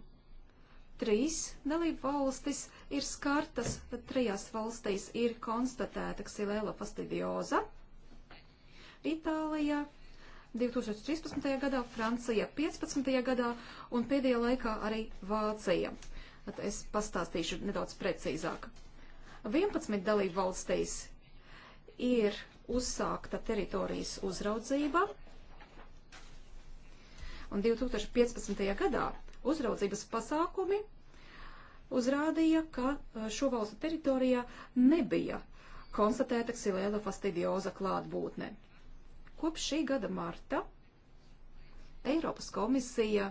trīs dalību valstis ir skartas, tad trijās valstīs ir konstatēta ksilēla fastidioza. Itālijā, 2013. gadā, Francija 15. gadā un pēdējā laikā arī Vācija. At es pastāstīšu nedaudz precīzāk. 11 dalību valstīs ir uzsākta teritorijas uzraudzība, un 2015. gadā uzraudzības pasākumi uzrādīja, ka eh, šo valstu teritorijā nebija konstatēta ksilēla fastidioza klātbūtne. Kopš šī gada marta Eiropas komisija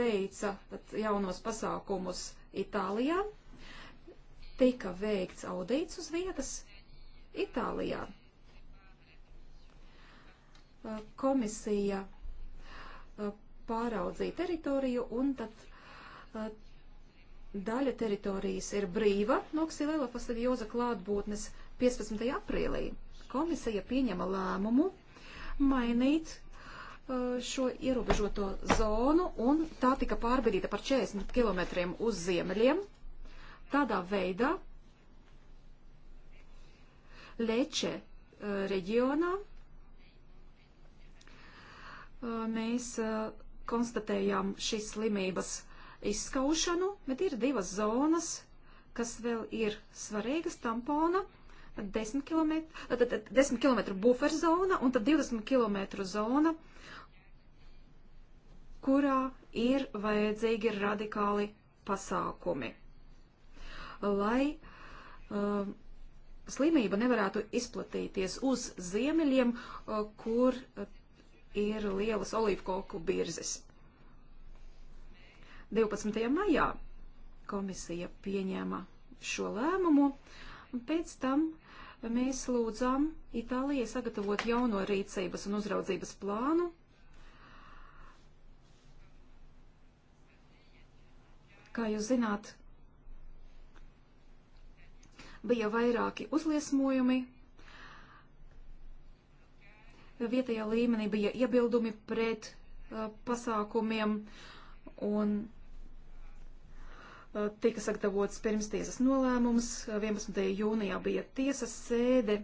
veica jaunos pasākumus Itālijā, tika veikts audīts uz vietas Itālijā. Komisija pāraudzīja teritoriju un tad daļa teritorijas ir brīva no ksilēla fastidijoza klātbūtnes, 15. aprīlī komisija pieņēma lēmumu mainīt uh, šo ierobežoto zonu, un tā tika pārbīdīta par 40 km uz ziemeļiem. Tādā veidā Leče uh, reģionā uh, mēs konstatējām šīs slimības izskaušanu, bet ir divas zonas, kas vēl ir svarīgas tampona 10 km, tad 10 km bufer zona un tad 20 km zona, kurā ir vajadzīgi radikāli pasākumi, lai uh, slimība nevarētu izplatīties uz ziemeļiem, uh, kur uh, ir lielas olīvkoku birzes. 12. maijā komisija pieņēma šo lēmumu, un pēc tam uh, mēs lūdzām Itālijai sagatavot jauno rīcības un uzraudzības plānu. Kā jūs zināt, bija vairāki uzliesmojumi. Vietējā līmenī bija iebildumi pret uh, pasākumiem, un Eh, tika sagatavots pirmstiesas nolēmums. 11. Eh, jūnijā bija tiesas sēde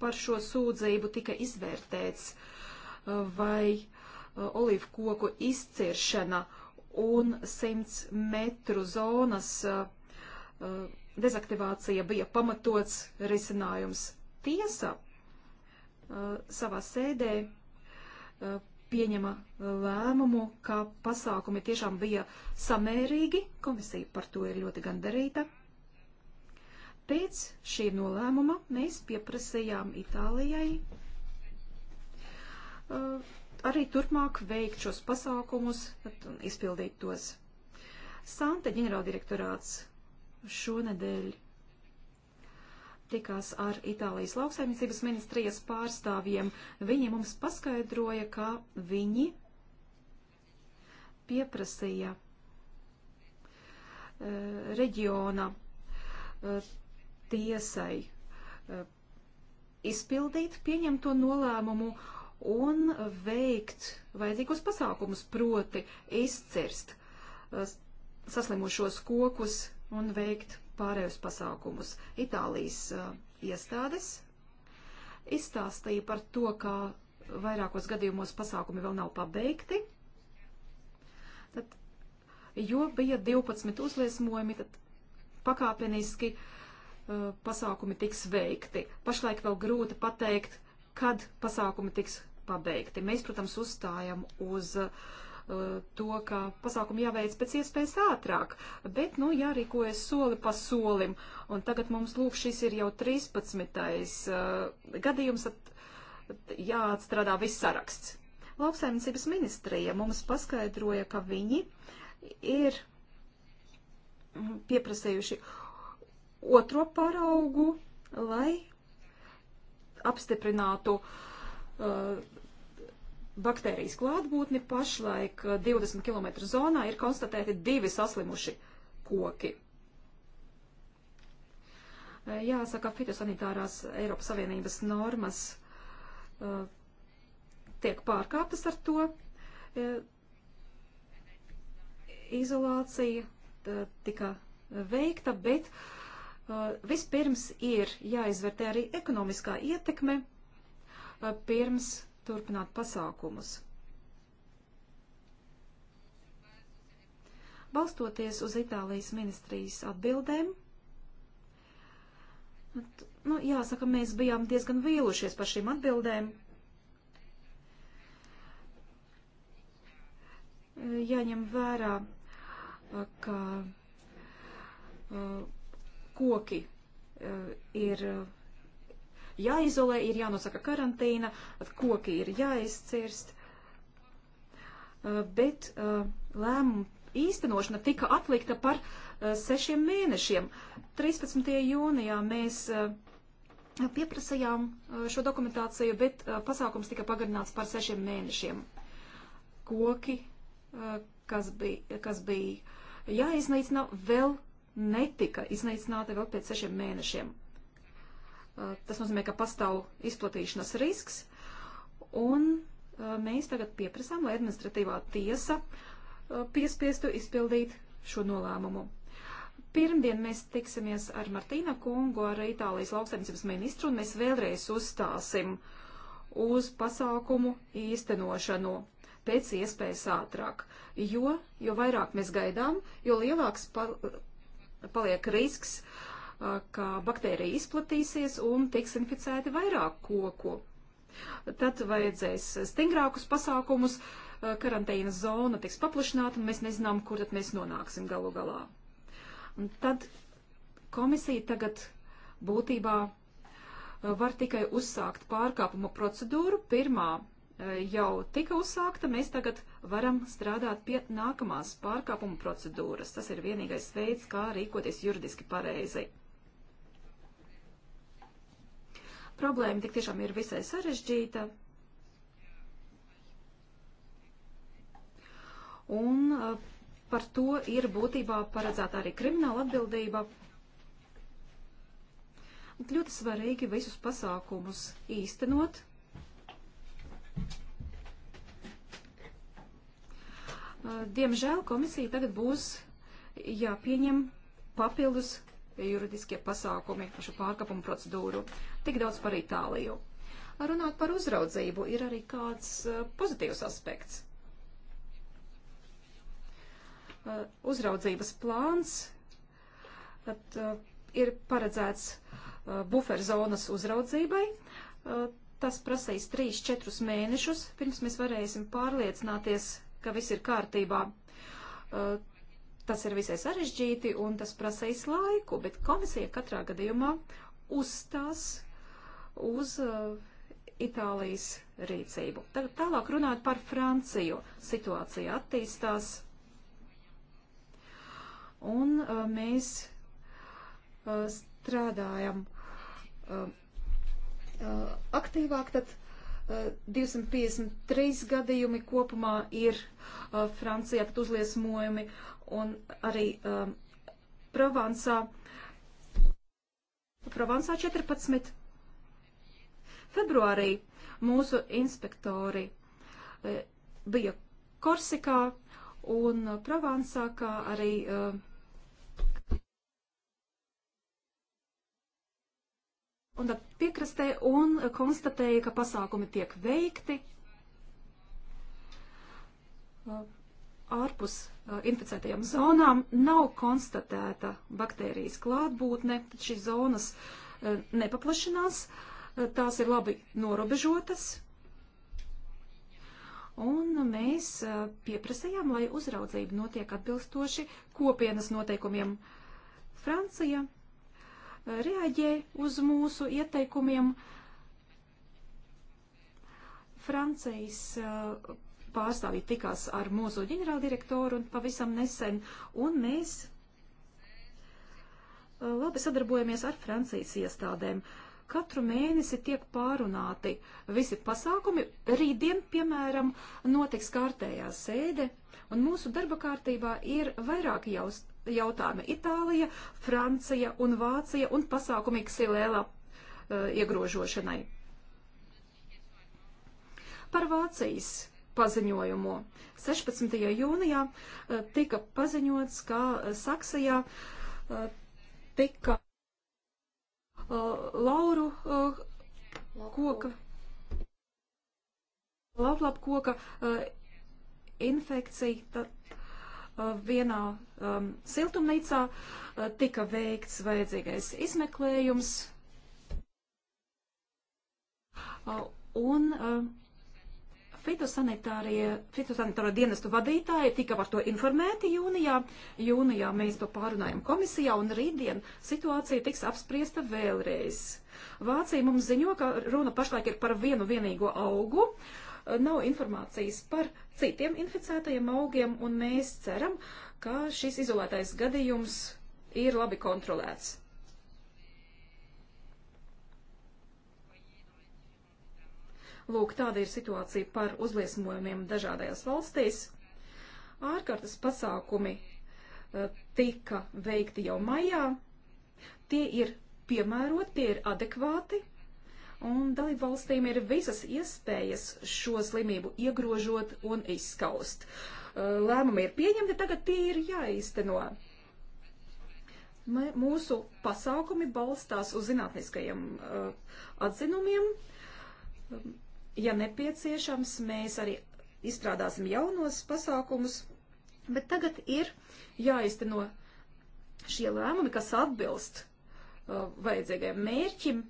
par šo sūdzību, tika izvērtēts, eh, vai olīvu koku izciršana un 100 metru zonas dezaktivācija bija pamatots risinājums. Tiesa savā sēdē pieņema uh, lēmumu, ka pasākumi tiešām bija samērīgi, komisija par to ir ļoti gandarīta. Pēc šī nolēmuma mēs pieprasījām Itālijai uh, arī turpmāk veikt šos pasākumus un uh, izpildīt tos. Sante ģenerāldirektorāts šonedēļ tikās ar Itālijas lauksaimniecības ministrijas pārstāvjiem. Viņi mums paskaidroja, ka viņi pieprasīja uh, reģiona uh, tiesai uh, izpildīt pieņemto nolēmumu un veikt vajadzīgos pasākumus, proti izcirst saslimušos kokus un veikt pārējos pasākumus. Itālijas uh, iestādes izstāstīja par to, ka vairākos gadījumos pasākumi vēl nav pabeigti, tad, jo bija 12 uzliesmojumi, tad pakāpeniski uh, pasākumi tiks veikti. Pašlaik vēl grūti pateikt, kad pasākumi tiks pabeigti. Mēs, protams, uzstājam uz uh, Eh, to, ka pasākumi jāveic pēc iespējas ātrāk, bet, nu, jārīkojas soli pa solim. Un tagad mums, lūk, šis ir jau 13. Eh, gadījums, tad jāatstrādā viss saraksts. Lauksaimniecības ministrija mums paskaidroja, ka viņi ir pieprasējuši otro paraugu, lai apstiprinātu uh, baktērijas klātbūtni pašlaik 20 eh, km zonā ir konstatēti divi saslimuši koki. Eh, jāsaka, fitosanitārās Eiropas Savienības normas uh, tiek pārkāptas ar to. Uh, izolācija uh, tika veikta, bet vispirms ir jāizvērtē arī ekonomiskā ietekme pirms turpināt pasākumus. Balstoties uz Itālijas ministrijas atbildēm, nu, jāsaka, mēs bijām diezgan vīlušies par šīm atbildēm. Jāņem vērā, ka uh, koki uh, ir jāizolē, ir jānosaka karantīna, koki ir jāizcirst. Uh, bet uh, lēmumu īstenošana tika atlikta par uh, sešiem mēnešiem. 13. jūnijā mēs pieprasījām šo dokumentāciju, bet pasākums tika pagarināts par sešiem mēnešiem. Koki, kas bija, kas bija jāiznīcina, vēl netika iznīcināti vēl pēc sešiem mēnešiem. Tas nozīmē, ka pastāv izplatīšanas risks, un mēs tagad pieprasām, lai administratīvā tiesa piespiestu izpildīt šo nolēmumu. Pirmdien mēs tiksimies ar Martīna kungu, ar Itālijas lauksaimniecības ministru, un mēs vēlreiz uzstāsim uz pasākumu īstenošanu pēc iespējas ātrāk, jo, jo vairāk mēs gaidām, jo lielāks pa, paliek risks uh, ka baktērija izplatīsies un tiks inficēti vairāk koku. Tad vajadzēs stingrākus pasākumus, karantīnas zona tiks paplašināta, un mēs nezinām, kur tad mēs nonāksim galu galā. Un tad komisija tagad būtībā var tikai uzsākt pārkāpuma procedūru. Pirmā jau tika uzsākta, mēs tagad varam strādāt pie nākamās pārkāpuma procedūras. Tas ir vienīgais veids, kā rīkoties juridiski pareizi. Problēma tik tiešām ir visai sarežģīta. Un uh, par to ir būtībā paredzēta arī krimināla atbildība. Ļoti svarīgi visus pasākumus īstenot, uh, Diemžēl komisija tagad būs jāpieņem papildus juridiskie pasākumi, šo pārkāpumu procedūru. Tik daudz par Itāliju. Runāt par uzraudzību ir arī kāds e, pozitīvs aspekts. E, uzraudzības plāns e, tad, ir paredzēts buferzonas uzraudzībai. Tas prasīs 3-4 mēnešus, pirms mēs varēsim pārliecināties, ka viss ir kārtībā Tas ir visai sarežģīti un tas prasīs laiku, bet komisija katrā gadījumā uzstās uz uh, Itālijas rīcību. Tad tālāk runāt par Franciju. Situācija attīstās un uh, mēs uh, strādājam uh, uh, aktīvāk, tad 253 uh, gadījumi kopumā ir Francijā, tad uzliesmojumi un arī um, Provansā. Provansā 14. Februārī mūsu inspektori e, bija Korsikā un Provansā, kā arī e, un tad piekrastē un konstatēja, ka pasākumi tiek veikti. E, ārpus uh, inficētajām zonām nav konstatēta baktērijas klātbūtne, tad šīs zonas uh, nepaplašinās, uh, tās ir labi norobežotas. Un mēs pieprasījām, lai uzraudzība notiek atbilstoši kopienas noteikumiem. Francija reaģē uz mūsu ieteikumiem. Francijas pārstāvji tikās ar mūsu ģenerāldirektoru un pavisam nesen, un mēs labi sadarbojamies ar Francijas iestādēm. Katru mēnesi tiek pārunāti visi pasākumi. Rītdien, piemēram, notiks kārtējā sēde, un mūsu darba kārtībā ir vairāki jautājumi. Itālija, Francija un Vācija un pasākumi ksilēlā uh, iegrožošanai. Par Vācijas paziņojumu. 16. jūnijā eh, tika paziņots, ka eh, Saksajā eh, tika lauru koka, lauplap koka infekcija. Tad vienā um, siltumnīcā tika veikts vajadzīgais izmeklējums. Un um, Fitosanitāro dienestu vadītāji tika par to informēti jūnijā. Jūnijā mēs to pārunājam komisijā, un rītdien situācija tiks apspriesta vēlreiz. Vācija mums ziņo, ka runa pašlaik ir par vienu vienīgo augu. Nav informācijas par citiem inficētajiem augiem, un mēs ceram, ka šis izolētais gadījums ir labi kontrolēts. Lūk, tāda ir situācija par uzliesmojumiem dažādajās valstīs. Ārkārtas pasākumi eh, tika veikti jau maijā. Tie ir piemēroti, tie ir adekvāti, un dalību valstīm ir visas iespējas šo slimību iegrožot un izskaust. Eh, lēmumi ir pieņemti, tagad tie ir jāīsteno mūsu pasākumi balstās uz zinātniskajiem uh, atzinumiem. Ja nepieciešams, mēs arī izstrādāsim jaunos pasākumus, bet tagad ir jāizteno šie lēmumi, kas atbilst uh, vajadzīgajam mērķim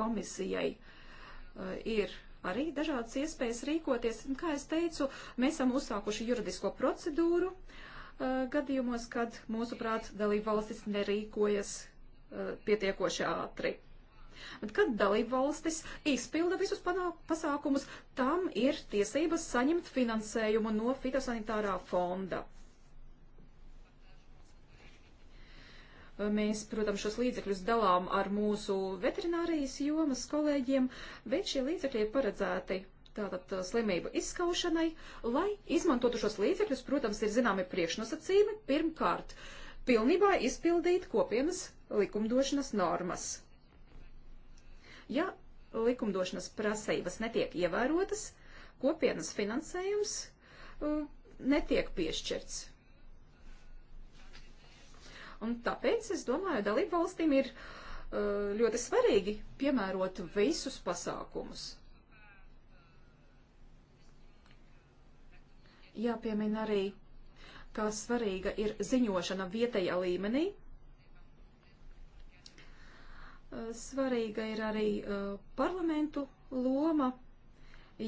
komisijai. Uh, ir arī dažādas iespējas rīkoties. Un, kā es teicu, mēs esam uzsākuši juridisko procedūru uh, gadījumos, kad mūsuprāt dalība valstis nerīkojas uh, pietiekoši ātri. Bet kad dalība valstis izpilda visus pasākumus, tam ir tiesības saņemt finansējumu no fitosanitārā fonda. Mēs, protams, šos līdzekļus dalām ar mūsu veterinārijas jomas kolēģiem, bet šie līdzekļi ir paredzēti tātad uh, slimību izskaušanai. Lai izmantotu šos līdzekļus, protams, ir zināmi priekšnosacījumi. Pirmkārt, pilnībā izpildīt kopienas likumdošanas normas. Ja likumdošanas prasības netiek ievērotas, kopienas finansējums uh, netiek piešķirts. Un tāpēc, es domāju, dalību valstīm ir uh, ļoti svarīgi piemērot visus pasākumus. Jāpiemina arī, kā svarīga ir ziņošana vietējā līmenī Eh, svarīga ir arī eh, parlamentu loma,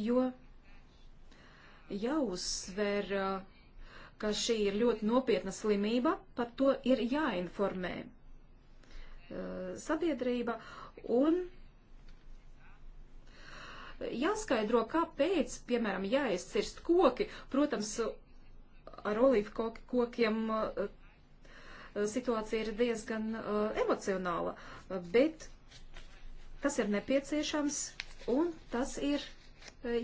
jo jāuzsver, eh, ka šī ir ļoti nopietna slimība, par to ir jāinformē sabiedrība un jāskaidro, kāpēc, piemēram, jāizcirst koki. Protams, ar olīvu kokiem Eh, situācija ir diezgan eh, emocionāla, eh, bet tas ir nepieciešams un tas ir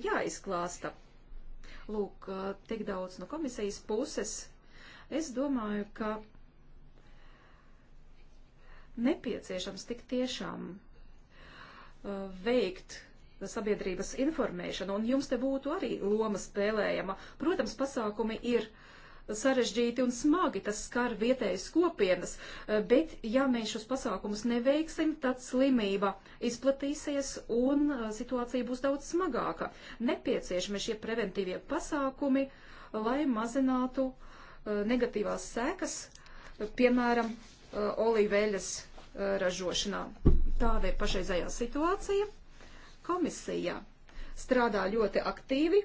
jāizklāsta. Lūk, tik daudz no komisijas puses. Es domāju, ka nepieciešams tik tiešām veikt sabiedrības informēšanu, un jums te būtu arī loma spēlējama. Protams, pasākumi ir uh, sarežģīti un smagi, tas skar vietējas kopienas, eh, bet ja mēs šos pasākumus neveiksim, tad slimība izplatīsies un eh, situācija būs daudz smagāka. Nepieciešami šie preventīvie pasākumi, lai mazinātu eh, negatīvās sekas, piemēram, olīveļas ražošanā. Tāda ir pašreizējā situācija. Komisija strādā ļoti aktīvi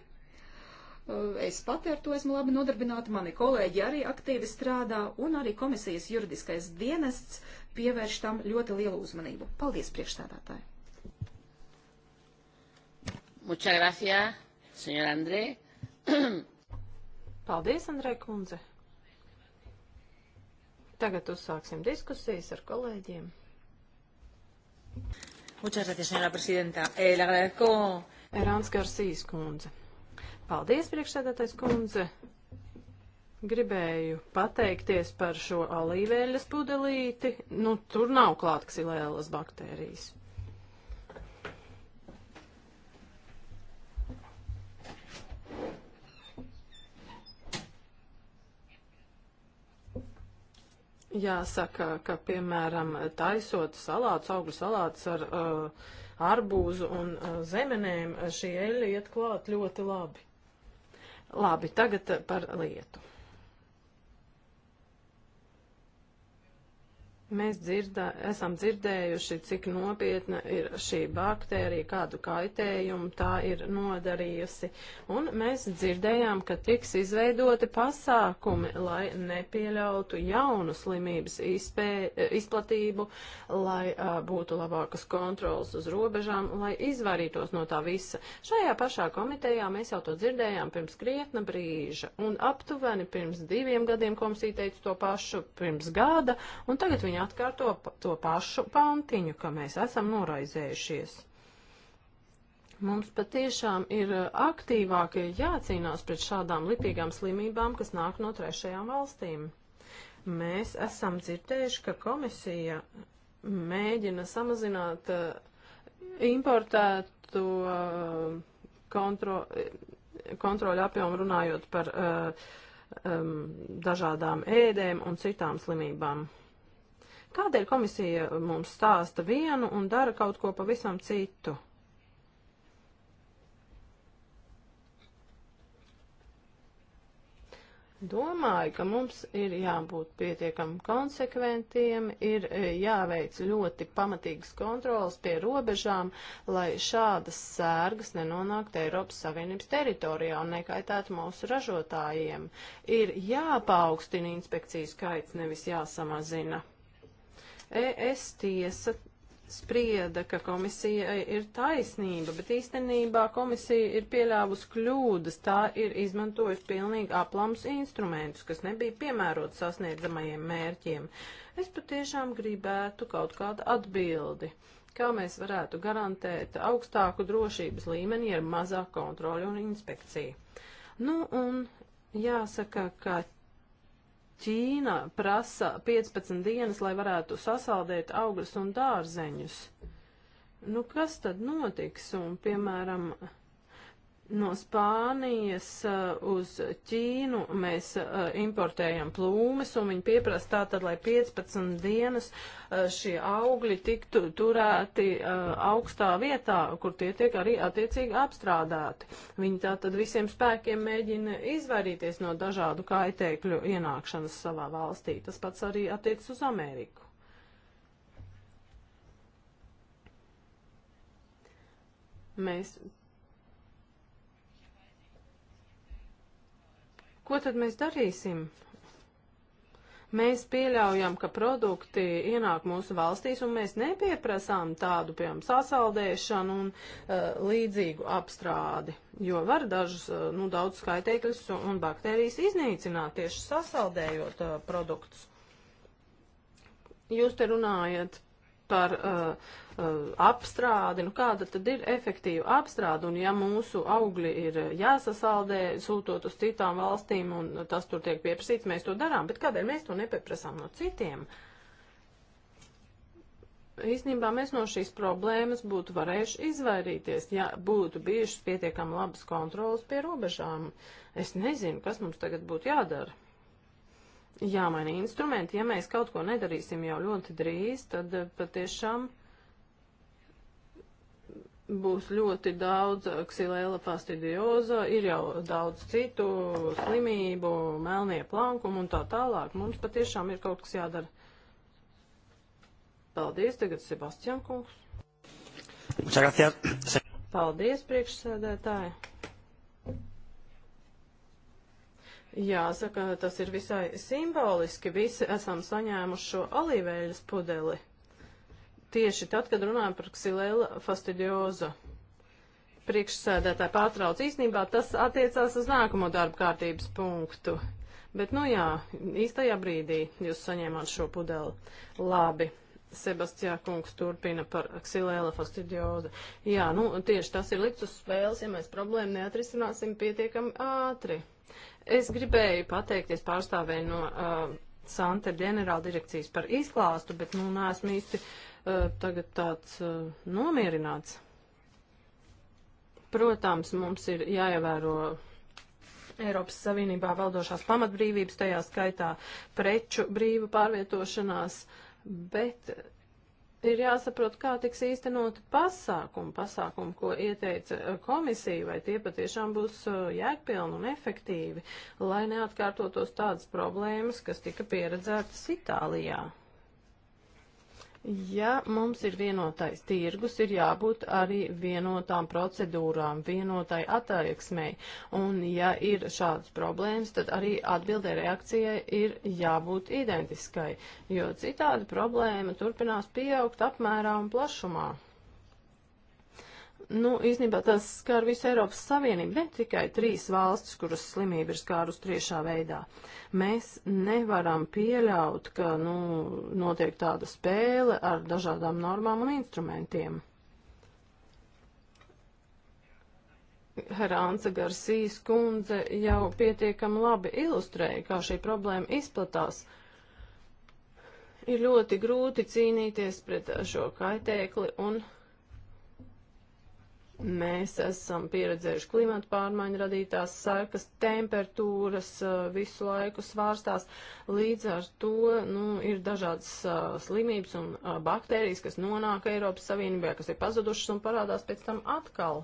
Eh, es pati ar to esmu labi nodarbināta, mani kolēģi arī aktīvi strādā, un arī komisijas juridiskais dienests pievērš tam ļoti lielu uzmanību. Paldies, priekšstādātāji! Muchas gracias, señor André. Paldies, Andrē kundze! Tagad uzsāksim diskusijas ar kolēģiem. Muchas gracias, señora presidenta. Eh, le agradezco. Erāns Garcijas kundze. Paldies, priekšsēdētājs kundze. Gribēju pateikties par šo olīveļas pudelīti. Nu, tur nav klāt ksilēlas baktērijas. Jāsaka, ka, piemēram, taisot salātus, augļu salātus ar uh, arbūzu un uh, zemenēm, šī eļļa iet klāt ļoti labi. Labi, tagad par lietu. Mēs dzirdā, esam dzirdējuši, cik nopietna ir šī baktērija, kādu kaitējumu tā ir nodarījusi. Un mēs dzirdējām, ka tiks izveidoti pasākumi, lai nepieļautu jaunu slimības izpē, izplatību, lai a, būtu labākas kontrolas uz robežām, lai izvairītos no tā visa. Šajā pašā komitejā mēs jau to dzirdējām pirms krietna brīža. Un aptuveni pirms diviem gadiem komisija teica to pašu pirms gada. Un tagad viņa viņi atkārto to pašu pantiņu, ka mēs esam noraizējušies. Mums patiešām ir aktīvāk jācīnās pret šādām lipīgām slimībām, kas nāk no trešajām valstīm. Mēs esam dzirdējuši, ka komisija mēģina samazināt eh, importētu eh, kontro, eh, kontroļu apjomu runājot par um, dažādām ēdēm un citām slimībām. Kādēļ komisija mums stāsta vienu un dara kaut ko pavisam citu? Domāju, ka mums ir jābūt pietiekami konsekventiem, ir e, jāveic ļoti pamatīgas kontrolas pie robežām, lai šādas sērgas nenonāktu Eiropas Savienības teritorijā un nekaitētu mūsu ražotājiem. Ir jāpaukstina inspekcijas skaits, nevis jāsamazina. ES tiesa sprieda, ka komisijai ir taisnība, bet īstenībā komisija ir pieļāvusi kļūdas. Tā ir izmantojusi pilnīgi aplams instrumentus, kas nebija piemērot sasniedzamajiem mērķiem. Es patiešām gribētu kaut kādu atbildi. Kā mēs varētu garantēt augstāku drošības līmeni ar mazāk kontroli un inspekciju? Nu, un jāsaka, ka Ķīna prasa 15 dienas, lai varētu sasaldēt augļus un dārzeņus. Nu, kas tad notiks? Un, piemēram, uh, No Spānijas eh, uz Ķīnu mēs eh, importējam plūmes, un viņi pieprasa tātad, lai 15 dienas eh, šie augļi tiktu turēti augstā vietā, kur tie tiek arī attiecīgi apstrādāti. Viņi tātad visiem spēkiem mēģina izvairīties no dažādu kaitēkļu ienākšanas savā valstī. Tas pats arī attiec uz Ameriku. Mēs Ko tad mēs darīsim? Mēs pieļaujam, ka produkti ienāk mūsu valstīs, un mēs nepieprasām tādu, piemēram, sasaldēšanu un uh, līdzīgu apstrādi, jo var dažus, uh, nu, daudz skaitēkļus un baktērijas iznīcināt tieši sasaldējot uh, produktus. Jūs te runājat par uh, uh, apstrādi, nu kāda tad ir efektīva apstrāde, un ja mūsu augļi ir jāsasaldē, sūtot uz citām valstīm, un tas tur tiek pieprasīts, mēs to darām, bet kādēļ mēs to nepieprasām no citiem? Īsnībā mēs no šīs problēmas būtu varējuši izvairīties, ja būtu bijušas pietiekami labas kontrolas pie robežām. Es nezinu, kas mums tagad būtu jādara jāmaina instrumenti. Ja mēs kaut ko nedarīsim jau ļoti drīz, tad eh, patiešām būs ļoti daudz ksilēla fastidioza, ir jau daudz citu slimību, melnie plankumi un tā tālāk. Mums patiešām ir kaut kas jādara. Paldies, tagad Sebastian Kungs. Paldies, priekšsēdētāji. Jāsaka, tas ir visai simboliski. Visi esam saņēmuši šo olīveļas pudeli. Tieši tad, kad runājam par ksilēla fastidiozu priekšsēdētāji pārtrauc. Īsnībā tas attiecās uz nākamo darba kārtības punktu. Bet, nu jā, īstajā brīdī jūs saņēmāt šo pudeli. Labi. Sebastijā kungs turpina par ksilēla fastidiozu. Jā, nu tieši tas ir likts uz spēles, ja mēs problēmu neatrisināsim pietiekami ātri. Es gribēju pateikties pārstāvēju no uh, Santa ģenerāla direkcijas par izklāstu, bet nu neesmu īsti uh, tagad tāds uh, nomierināts. Protams, mums ir jāievēro Eiropas Savienībā valdošās pamatbrīvības, tajā skaitā preču brīvu pārvietošanās, bet ir jāsaprot, kā tiks īstenot pasākumu, pasākumu, ko ieteica eh, komisija, vai tie patiešām būs eh, jēgpilni un efektīvi, lai neatkārtotos tādas problēmas, kas tika pieredzētas Itālijā. Ja mums ir vienotais tirgus, ir jābūt arī vienotām procedūrām, vienotai attieksmei. Un ja ir šādas problēmas, tad arī atbildē reakcijai ir jābūt identiskai, jo citādi problēma turpinās pieaugt apmērā un plašumā nu, īstenībā tas skar visu Eiropas Savienību, ne tikai trīs valstis, kuras slimība ir skārus triešā veidā. Mēs nevaram pieļaut, ka, nu, notiek tāda spēle ar dažādām normām un instrumentiem. Herānca Garsīs kundze jau pietiekami labi ilustrēja, kā šī problēma izplatās ir ļoti grūti cīnīties pret šo kaitēkli un Mēs esam pieredzējuši klimatu pārmaiņu radītās sarkas, temperatūras eh, visu laiku svārstās. Līdz ar to nu, ir dažādas uh, slimības un uh, baktērijas, kas nonāk Eiropas Savienībā, kas ir pazudušas un parādās pēc tam atkal.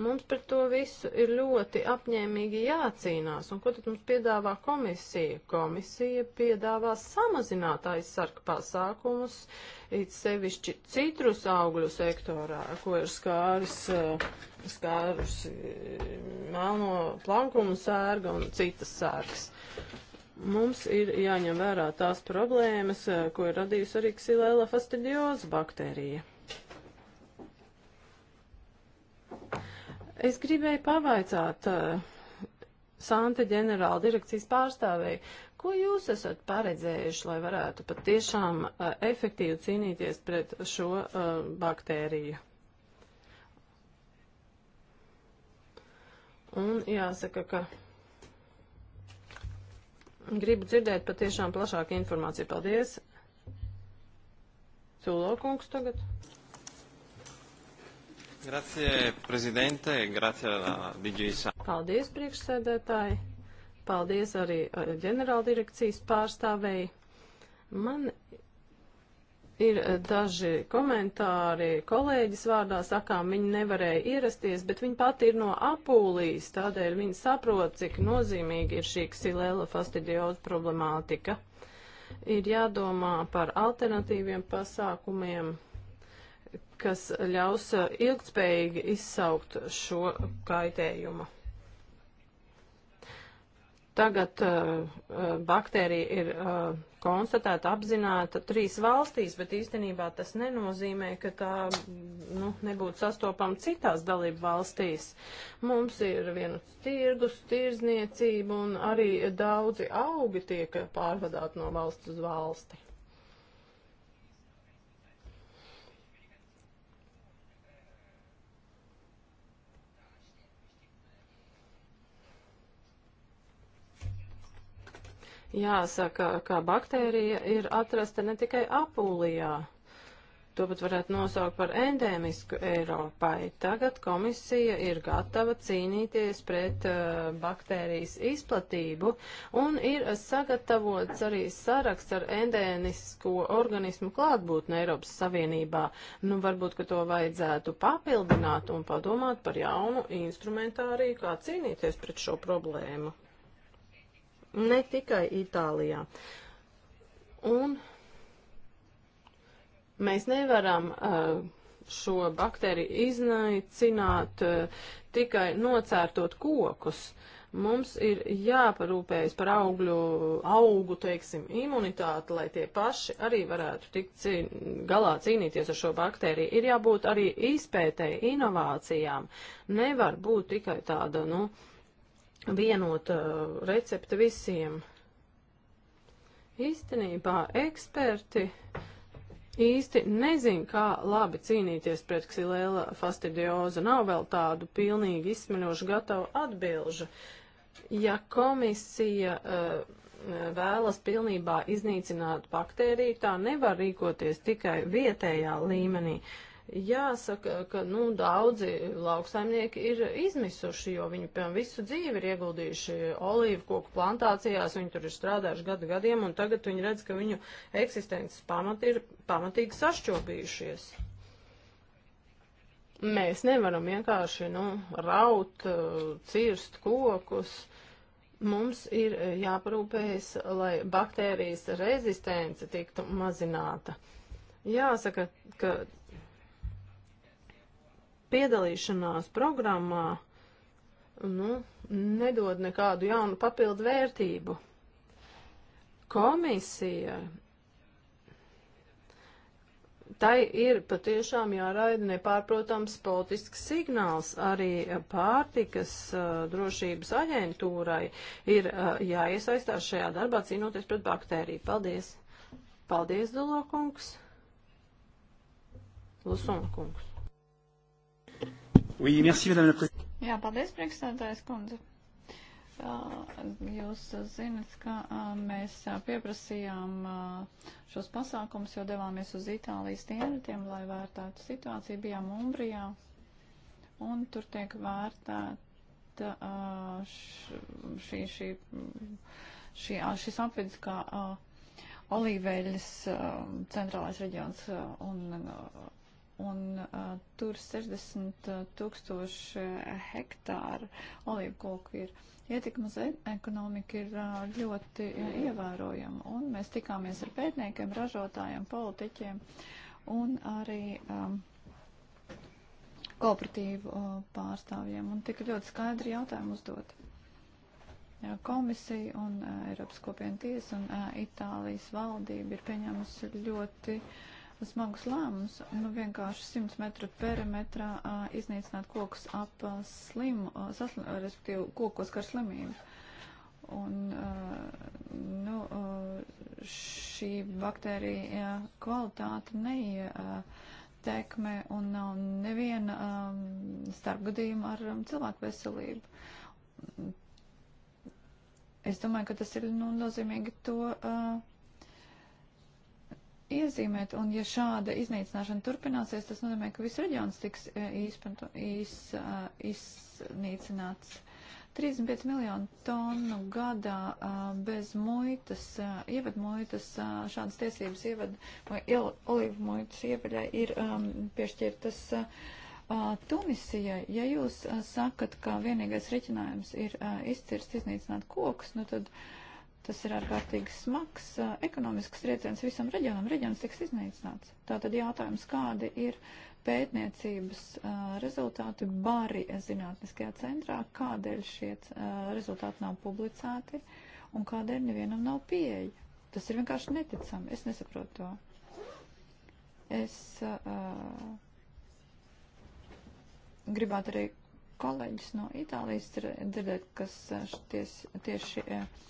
Mums pret to visu ir ļoti apņēmīgi jācīnās. Un ko tad mums piedāvā komisija? Komisija piedāvā samazināt aizsarka pasākumus, uh, it sevišķi citrus augļu sektorā, ko ir skāris, eh, skārus eh, melno plankumu sērga un citas sērgas. Mums ir jāņem vērā tās problēmas, eh, ko ir radījusi arī ksilēla fastidioza baktērija. Es gribēju pavaicāt uh, Santa ģenerāla direkcijas pārstāvēja, Ko jūs esat paredzējuši, lai varētu patiešām uh, efektīvi cīnīties pret šo uh, baktēriju? Un jāsaka, ka gribu dzirdēt patiešām plašāku informāciju. Paldies! Cūlokungs tagad. Grazie, prezidente, grazie, DJs. Paldies, priekšsēdētāji! Paldies arī uh, ģenerāldirekcijas pārstāvēji. Man ir uh, daži komentāri kolēģis vārdā sakām, viņi nevarēja ierasties, bet viņi pati ir no Apūlijas, tādēļ viņi saprot, cik nozīmīgi ir šī ksilēla fastidioza problemātika. Ir jādomā par alternatīviem pasākumiem, kas ļaus uh, ilgtspējīgi izsaukt šo kaitējumu. Tagad uh, baktērija ir uh, konstatēta apzināta trīs valstīs, bet īstenībā tas nenozīmē, ka tā nu, nebūtu sastopama citās dalību valstīs. Mums ir viens tirgus, tirzniecība un arī daudzi augi tiek pārvadāti no valsts uz valsti. Jāsaka, ka baktērija ir atrasta ne tikai Apulijā. To pat varētu nosaukt par endēmisku Eiropai. Tagad komisija ir gatava cīnīties pret uh, baktērijas izplatību un ir sagatavots arī saraksts ar endēmisko organismu klātbūtni Eiropas Savienībā. Nu, varbūt, ka to vajadzētu papildināt un padomāt par jaunu instrumentāriju, kā cīnīties pret šo problēmu ne tikai Itālijā. Un mēs nevaram uh, šo baktēriju iznaicināt uh, tikai nocērtot kokus. Mums ir jāparūpējas par augļu, augu, teiksim, imunitāti, lai tie paši arī varētu tikt cīn, galā cīnīties ar šo baktēriju. Ir jābūt arī izpētēji, inovācijām. Nevar būt tikai tāda, nu, uh, vienota uh, recepte visiem. Īstenībā eksperti īsti nezin, kā labi cīnīties pret ksilēla fastidiozu. Nav vēl tādu pilnīgi izsmeļošu gatavu atbilžu. Ja komisija uh, vēlas pilnībā iznīcināt baktēriju, tā nevar rīkoties tikai vietējā līmenī. Uh, Jāsaka, ka nu, daudzi lauksaimnieki ir izmisuši, jo viņi piemēram visu dzīvi ir ieguldījuši olīvu koku plantācijās, viņi tur ir strādājuši gadu gadiem, un tagad viņi redz, ka viņu eksistences pamati ir pamatīgi sašķobījušies. Mēs nevaram vienkārši nu, raut, cirst kokus mums ir jāparūpējas, lai baktērijas rezistence tiktu mazināta. Jāsaka, ka piedalīšanās programmā nu, nedod nekādu jaunu papildu vērtību. Komisija tai ir patiešām jāraida nepārprotams politisks signāls. Arī pārtikas uh, drošības aģentūrai ir uh, jāiesaistās šajā darbā cīnoties pret baktēriju. Paldies! Paldies, Dulokungs! Lusunkungs! Oui, merci, madame la présidente. Jā, paldies, priekšstādājas kundze. Jūs zinat, ka mēs pieprasījām šos pasākumus, jo devāmies uz Itālijas dienvidiem, lai vērtētu situāciju. Bijām Umbrijā, un tur tiek vērtēta šī, šī, šī, šis apvidus kā olīveļas centrālais reģions un un uh, tur 60 tūkstoši hektāru olīvu koku ir. Ietekme uz e, ekonomiku ir uh, ļoti uh, ievērojama, un mēs tikāmies ar pētniekiem, ražotājiem, politiķiem un arī um, kooperatīvu uh, pārstāvjiem, un tika ļoti skaidri jautājumi uzdot. Jā, komisija un uh, Eiropas kopiena tiesa un uh, Itālijas valdība ir pieņēmusi ļoti uh, smagus lēmumus, nu vienkārši 100 metru perimetrā a, iznīcināt kokus ap a, slimu, a, saslim, a, respektīvi kokos kā slimību. Un a, nu, a, šī baktērija kvalitāte neietekmē un nav neviena a, starpgadījuma ar a, cilvēku veselību. Es domāju, ka tas ir nu, nozīmīgi to. A, iezīmēt, un ja šāda iznīcināšana turpināsies, tas nozīmē, ka viss reģions tiks e, īspanto, īs, iznīcināts. 35 miljonu tonu gadā bez muitas, ievadmuitas, šādas tiesības ievad, vai olīvu muitas ievaļai ir um, piešķirtas uh, Tunisijai. Ja jūs uh, sakat, ka vienīgais riķinājums ir uh, izcirst, iznīcināt kokus, nu tad. Uh, Tas ir ārkārtīgi smags ekonomisks trieciens visam reģionam. Reģions tiks iznīcināts. Tātad jautājums, kādi ir pētniecības rezultāti bari zinātniskajā centrā, kādēļ šie rezultāti nav publicēti un kādēļ nevienam nav pieeja. Tas ir vienkārši neticami. Es nesaprotu to. Es uh, gribētu arī kolēģis no Itālijas dzirdēt, kas ties, tieši. Uh,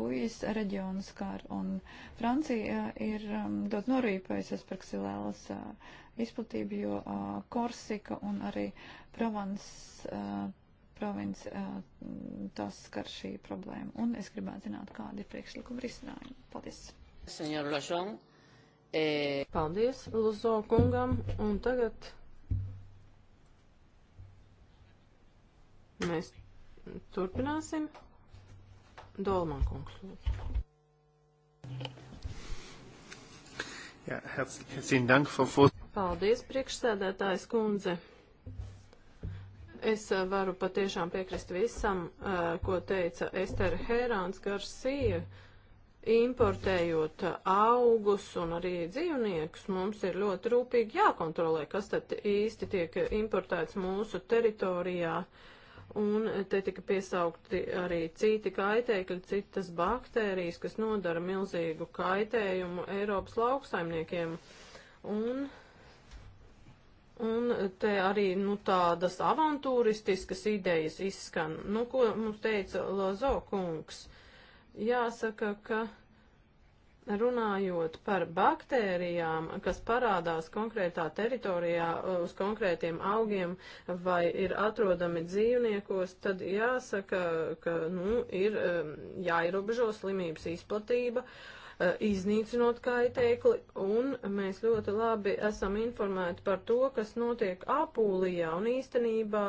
Puijas reģionu skār, un Francija uh, ir um, dot norīpējusies par ksilēlas uh, izplatību, jo uh, Korsika un arī Provence provinci tas skar šī problēma. Un es gribētu zināt, kādi ir priekšlikuma risinājumi. Paldies. Senjor Lažon. E... Eh, Paldies Luzo kungam. Un tagad mēs turpināsim. Dolman kungs. Jā, herzīgi dank, Frau Fos. Paldies, priekšsēdētājs kundze. Es eh, varu patiešām piekrist visam, eh, ko teica Ester Hērāns Garsija importējot augus un arī dzīvniekus, mums ir ļoti rūpīgi jākontrolē, kas tad īsti tiek importēts mūsu teritorijā. Uh, Un te tika piesaukti arī citi kaitēkļi, citas baktērijas, kas nodara milzīgu kaitējumu Eiropas lauksaimniekiem. Un, un te arī nu, tādas avantūristiskas idejas izskan. Nu, ko mums teica Lazo kungs? Jāsaka, ka runājot par baktērijām, kas parādās konkrētā teritorijā uh, uz konkrētiem augiem vai ir atrodami dzīvniekos, tad jāsaka, ka nu, ir um, jāierobežo slimības izplatība. Uh, iznīcinot kaitēkli, un mēs ļoti labi esam informēti par to, kas notiek Apūlijā, un īstenībā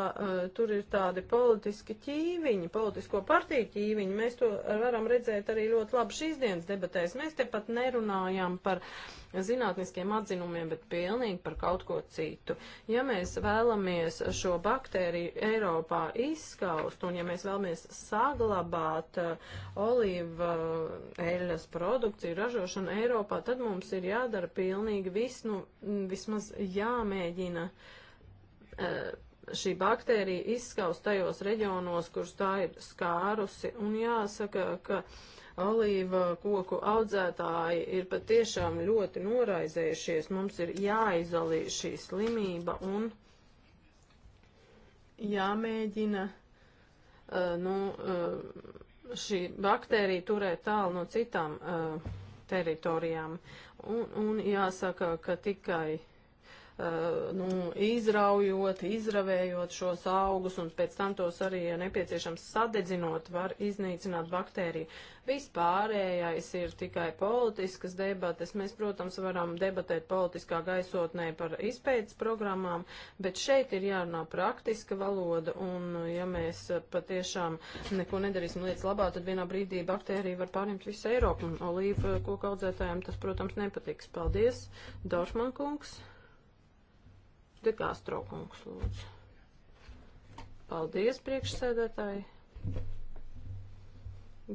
tur ir tādi politiski ķīviņi, politisko partiju ķīviņi. Mēs to varam redzēt arī ļoti labi šīs dienas debatēs. Mēs te pat nerunājam par uh, zinātniskiem atzinumiem, bet pilnīgi par kaut ko citu. Ja mēs vēlamies šo baktēriju Eiropā izskaust un ja mēs vēlamies saglabāt uh, olīva uh, eļas produkciju ražošanu Eiropā, tad mums ir jādara pilnīgi viss, nu, vismaz jāmēģina. Uh, šī baktērija izskaus tajos reģionos, kurus tā ir skārusi, un jāsaka, ka uh, Olīva koku audzētāji ir patiešām ļoti noraizējušies. Mums ir jāizolē šī slimība un jāmēģina uh, nu, uh, šī baktērija turēt tālu no citām uh, teritorijām. Un, un jāsaka, ka tikai Eh, nu, izraujot, izravējot šos augus un pēc tam tos arī, ja nepieciešams, sadedzinot, var iznīcināt baktēriju. Vispārējais ir tikai politiskas debates. Mēs, protams, varam debatēt politiskā gaisotnē par izpētes programmām, bet šeit ir jārunā praktiska valoda un, eh, ja mēs patiešām neko nedarīsim lietas labā, tad vienā brīdī baktērija var pārņemt visu Eiropu un olīvu eh, koku audzētājiem tas, protams, nepatiks. Paldies, Doršman kungs! Dekāstro kungs, lūdzu. Paldies, priekšsēdētāji.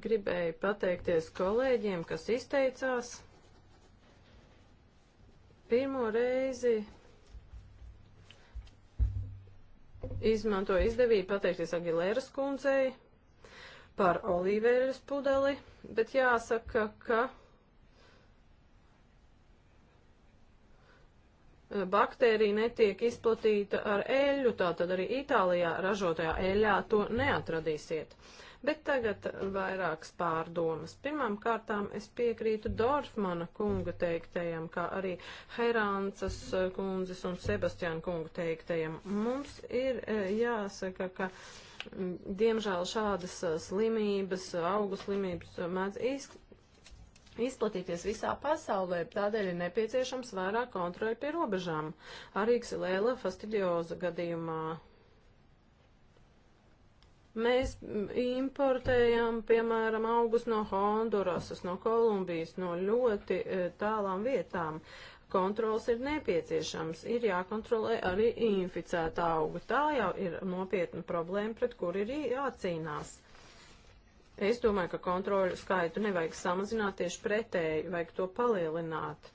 Gribēju pateikties kolēģiem, kas izteicās. Pirmo reizi izmantoju izdevību pateikties Agilēras kundzei par olīveļas pudeli, bet jāsaka, ka Eh, baktērija netiek izplatīta ar eļļu, tātad arī Itālijā ražotajā eļļā to neatradīsiet. Bet tagad vairākas pārdomas. Pirmām kārtām es piekrītu Dorfmana kunga teiktajam, kā arī Herāncas eh, kundzes un Sebastiāna kunga teiktajam. Mums ir eh, jāsaka, ka. Mm, diemžēl šādas slimības, augu slimības mēdz izplatīties visā pasaulē, tādēļ ir nepieciešams vairāk kontroli pie robežām. Arī Xilēla fastidioza gadījumā mēs importējam, piemēram, augus no Hondurasas, no Kolumbijas, no ļoti eh, tālām vietām. Kontrols ir nepieciešams, ir jākontrolē arī inficēta auga. Tā jau ir nopietna problēma, pret kur ir jācīnās. Es domāju, ka kontroļu skaitu nevajag samazināt, tieši pretēji vajag to palielināt.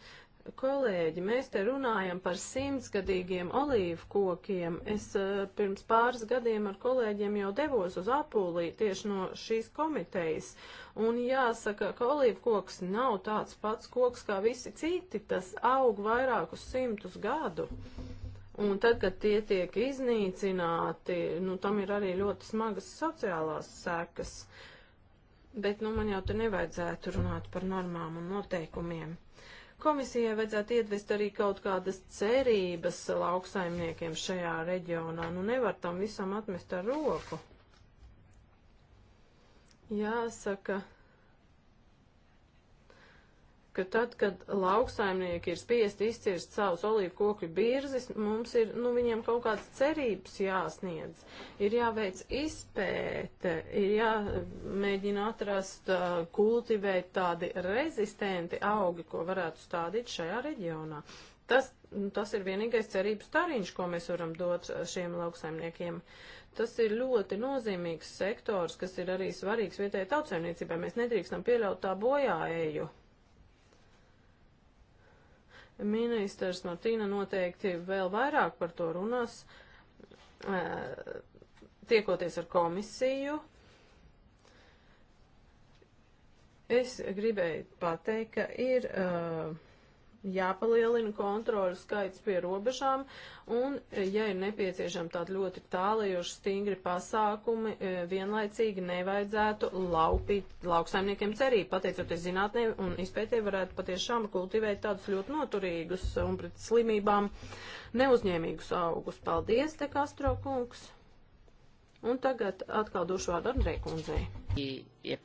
Kolēģi, mēs te runājam par simtsgadīgiem olīvu kokiem. Es uh, pirms pāris gadiem ar kolēģiem jau devos uz Apulī tieši no šīs komitejas. Un jāsaka, ka olīvu koks nav tāds pats koks kā visi citi. Tas aug vairākus simtus gadu. Un tad, kad tie tiek iznīcināti, nu, tam ir arī ļoti smagas sociālās sekas. Uh, Bet nu, man jau te nevajadzētu runāt par normām un noteikumiem. Komisijai vajadzētu iedvest arī kaut kādas cerības lauksaimniekiem šajā reģionā. Nu nevar tam visam atmest ar roku. Jāsaka ka tad, kad lauksaimnieki ir spiesti izcirst savus olīvu kokļu birzes, mums ir, nu, viņiem kaut kādas cerības jāsniedz. Ir jāveic izpēte, ir jāmēģina atrast, kultivēt tādi rezistenti augi, ko varētu stādīt šajā reģionā. Tas, nu, tas ir vienīgais cerības tariņš, ko mēs varam dot šiem lauksaimniekiem. Tas ir ļoti nozīmīgs sektors, kas ir arī svarīgs vietējai tautsēmniecībai. Mēs nedrīkstam pieļaut tā bojāēju. Ministrs Martīna noteikti vēl vairāk par to runās, tiekoties ar komisiju. Es gribēju pateikt, ka ir. Uh, jāpalielina kontroļu skaits pie robežām, un, ja ir nepieciešami tādi ļoti tālajoši stingri pasākumi, e, vienlaicīgi nevajadzētu laupīt lauksaimniekiem cerību. Pateicoties zinātnē un izpētē, varētu patiešām kultivēt tādus ļoti noturīgus un pret slimībām neuzņēmīgus augus. Paldies, te Kastro kungs! Un tagad atkal došu vārdu Andrei kundzei. Ja, ja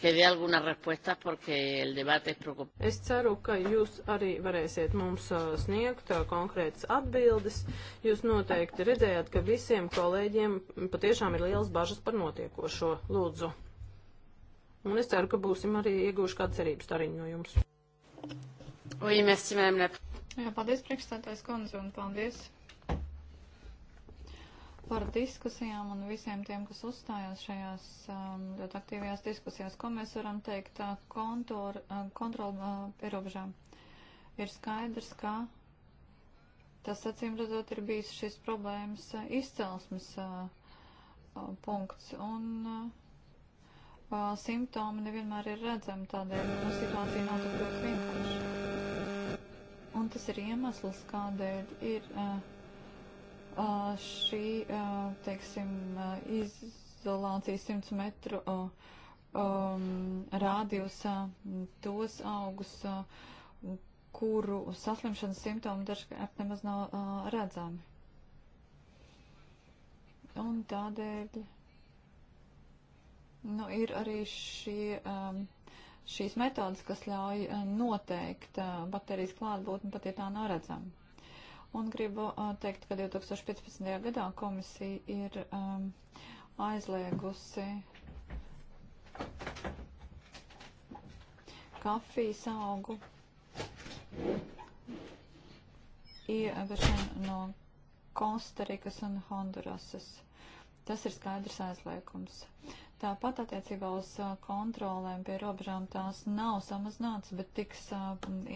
que dé algunas respuestas porque el debate es preocupante. Es ceru, ka jūs arī varēsiet mums uh, sniegt uh, konkrētas atbildes. Jūs noteikti redzējāt, ka visiem kolēģiem patiešām ir liels bažas par notiekošo lūdzu. Un es ceru, ka būsim arī ieguvuši kādu cerības stariņu no jums. Oui, merci, madame la... Jā, paldies, priekšstādājs kundze, un paldies par diskusijām un visiem tiem, kas uzstājās šajās um, ļoti aktīvajās diskusijās. Ko mēs varam teikt uh, uh, kontrola uh, pie robežām? Ir skaidrs, ka tas acīm redzot ir bijis šis problēmas izcelsmes punkts. Un, simptomi nevienmēr ir redzami, tādēļ no situācija nav tik ļoti vienkārša. Un tas ir iemesls, kādēļ ir uh, šī, teiksim, izolācija 100 metru um, rādījus tos augus, kuru saslimšanas simptomi dažkārt nemaz nav uh, redzami. Un tādēļ nu, ir arī šie, um, šīs metodas, kas ļauj noteikt uh, baktērijas klātbūtni, pat ja tā nav redzama. Un gribu teikt, ka 2015. gadā komisija ir um, aizliegusi kafijas augu ieviešanu no Kostarikas un Hondurasas. Tas ir skaidrs aizliekums. Tāpat attiecībā uz kontrolēm pie robežām tās nav samazināts, bet tiks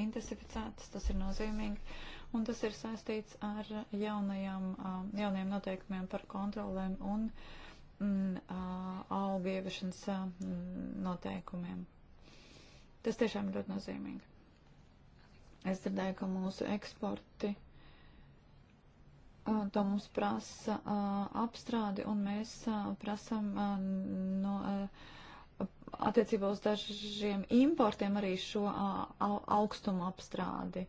intensificētas, tas ir nozīmīgi un tas ir saistīts ar jaunajām, jaunajiem noteikumiem par kontrolēm un mm, algu ieviešanas mm, noteikumiem. Tas tiešām ir ļoti nozīmīgi. Es dzirdēju, ka mūsu eksporti to mums prasa apstrādi, un mēs prasam no attiecībā uz dažiem importiem arī šo augstumu apstrādi.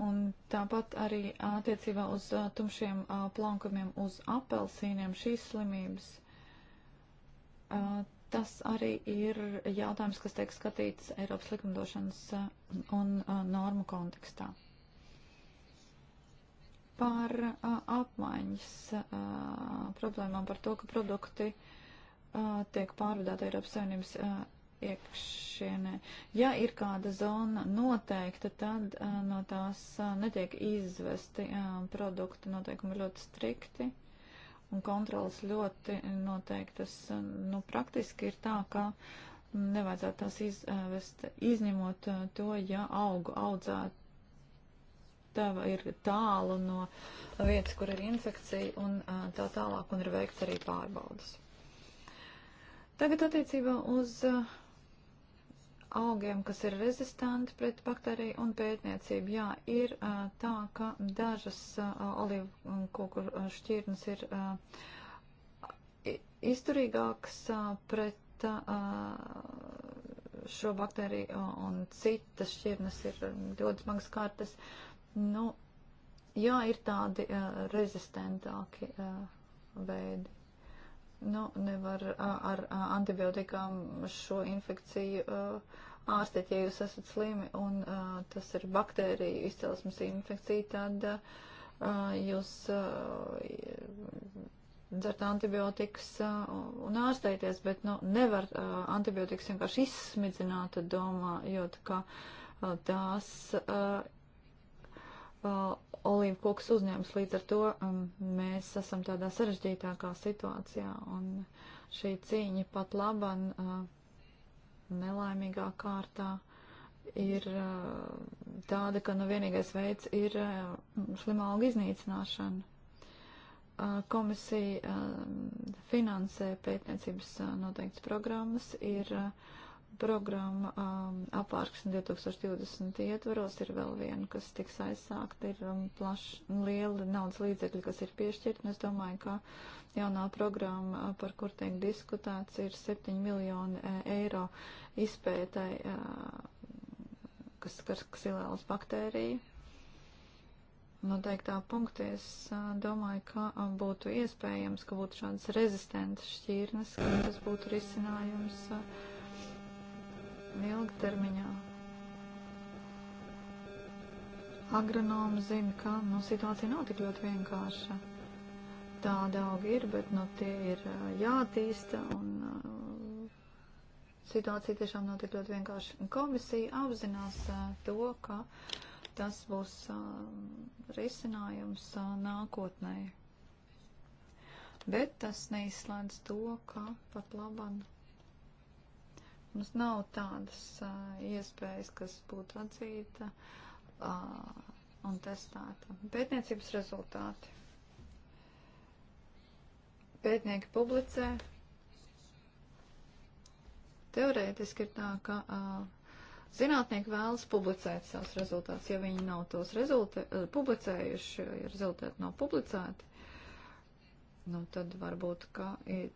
Un tāpat arī attiecībā uz uh, tumšiem uh, plankumiem, uz apelsīniem, šīs slimības. Uh, tas arī ir jautājums, kas tiek skatīts Eiropas likumdošanas uh, un uh, normu kontekstā. Par uh, apmaiņas uh, problēmām, par to, ka produkti uh, tiek pārvadāti Eiropas Savienības. Uh, iekšienē. Ja ir kāda zona noteikta, tad uh, no tās uh, netiek izvesti uh, produkti, noteikumi ļoti strikti un kontrolas ļoti noteiktas. Nu, praktiski ir tā, ka nevajadzētu tās izvest, izņemot to, ja augu audzētu tava ir tālu no vietas, kur ir infekcija un tā tālāk, un ir veikts arī pārbaudas. Tagad attiecībā uz augiem, kas ir rezistanti pret baktēriju un pētniecību. Jā, ir tā, ka dažas olīvu kukuru šķirnes ir izturīgākas pret šo baktēriju un citas šķirnes ir ļoti smagas kārtas. Nu, jā, ir tādi rezistentāki veidi nu, nevar ar antibiotikām šo infekciju ārstēt, ja jūs esat slimi un tas ir baktēriju izcelsmes infekcija, tad jūs dzert antibiotikas un ārstēties, bet nu, nevar antibiotikas vienkārši izsmidzināt, domājot, ka tās olīvu koks uzņēmums. Līdz ar to um, mēs esam tādā sarežģītākā situācijā, un šī cīņa pat laban uh, nelaimīgā kārtā ir uh, tāda, ka nu vienīgais veids ir uh, slimā auga iznīcināšana. Uh, komisija uh, finansē pētniecības uh, noteikts programmas, ir uh, programma um, apārksni 2020 ietvaros ir vēl viena, kas tiks aizsākta, ir um, plaši liela naudas līdzekļi, kas ir piešķirti, un es domāju, ka jaunā programma, uh, par kur tiek diskutēts, ir 7 miljoni uh, eiro izpētai, uh, kas skars ksilēlas baktēriju. Noteiktā punktā es uh, domāju, ka uh, būtu iespējams, ka būtu šādas rezistentas šķirnes, ka tas būtu risinājums. Uh, ilgtermiņā. Agronomi zina, ka nu, situācija nav tik ļoti vienkārša. Tāda auga ir, bet nu, tie ir jātīsta un situācija tiešām nav tik ļoti vienkārša. Komisija apzinās to, ka tas būs risinājums nākotnē. Bet tas neizslēdz to, ka pat labāk Mums nav tādas uh, iespējas, kas būtu atzīta uh, un testēta. Pētniecības rezultāti. Pētnieki publicē. Teorētiski ir tā, ka. Uh, Zinātnieki vēlas publicēt savus rezultātus. Ja viņi nav tos publicējuši, ja rezultāti nav publicēti, nu tad varbūt, ka ir,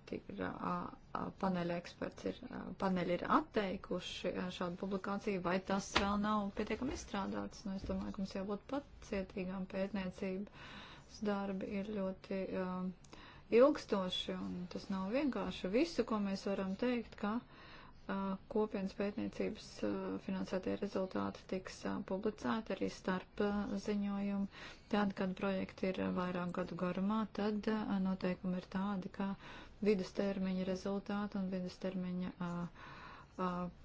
paneļa eksperts ir, paneļi ir atteikuši šādu publikāciju, vai tas vēl nav pietiekami izstrādāts. Nu, es domāju, ka mums jābūt pacietīgām pētniecības darbi ir ļoti uh, ilgstoši, un tas nav vienkārši visu, ko mēs varam teikt, ka kopienas pētniecības finansētie rezultāti tiks publicēti arī starp ziņojumu. Tad, kad projekti ir vairāk gadu garumā, tad noteikumi ir tādi, ka vidustermiņa rezultāti un vidustermiņa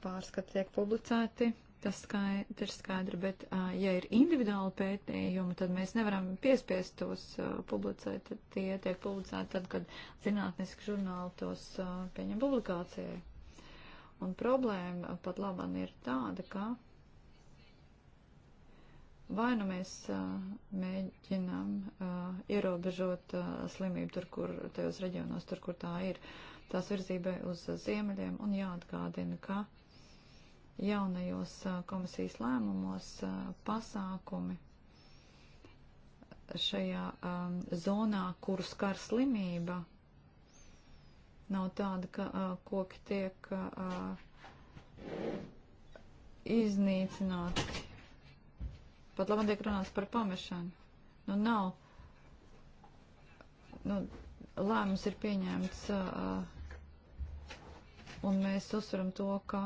pārskati tiek publicēti. Tas skaidri, ir skaidri, bet ja ir individuāli pētījumi, tad mēs nevaram piespiest tos publicēt. Tie tiek publicēti tad, kad zinātniski žurnāli tos pieņem publikācijai. Un problēma pat labam ir tāda, ka vai nu mēs mēģinām ierobežot slimību tur, kur tajos reģionos, tur, kur tā ir, tās virzībai uz ziemeļiem, un jāatgādina, ka jaunajos komisijas lēmumos pasākumi šajā zonā, kuru skar slimība, nav tāda, ka uh, koki tiek uh, iznīcināti. Pat labi tiek runāts par pamešanu. Nu, nav. Nu, lēmums ir pieņemts, uh, un mēs uzsveram to, ka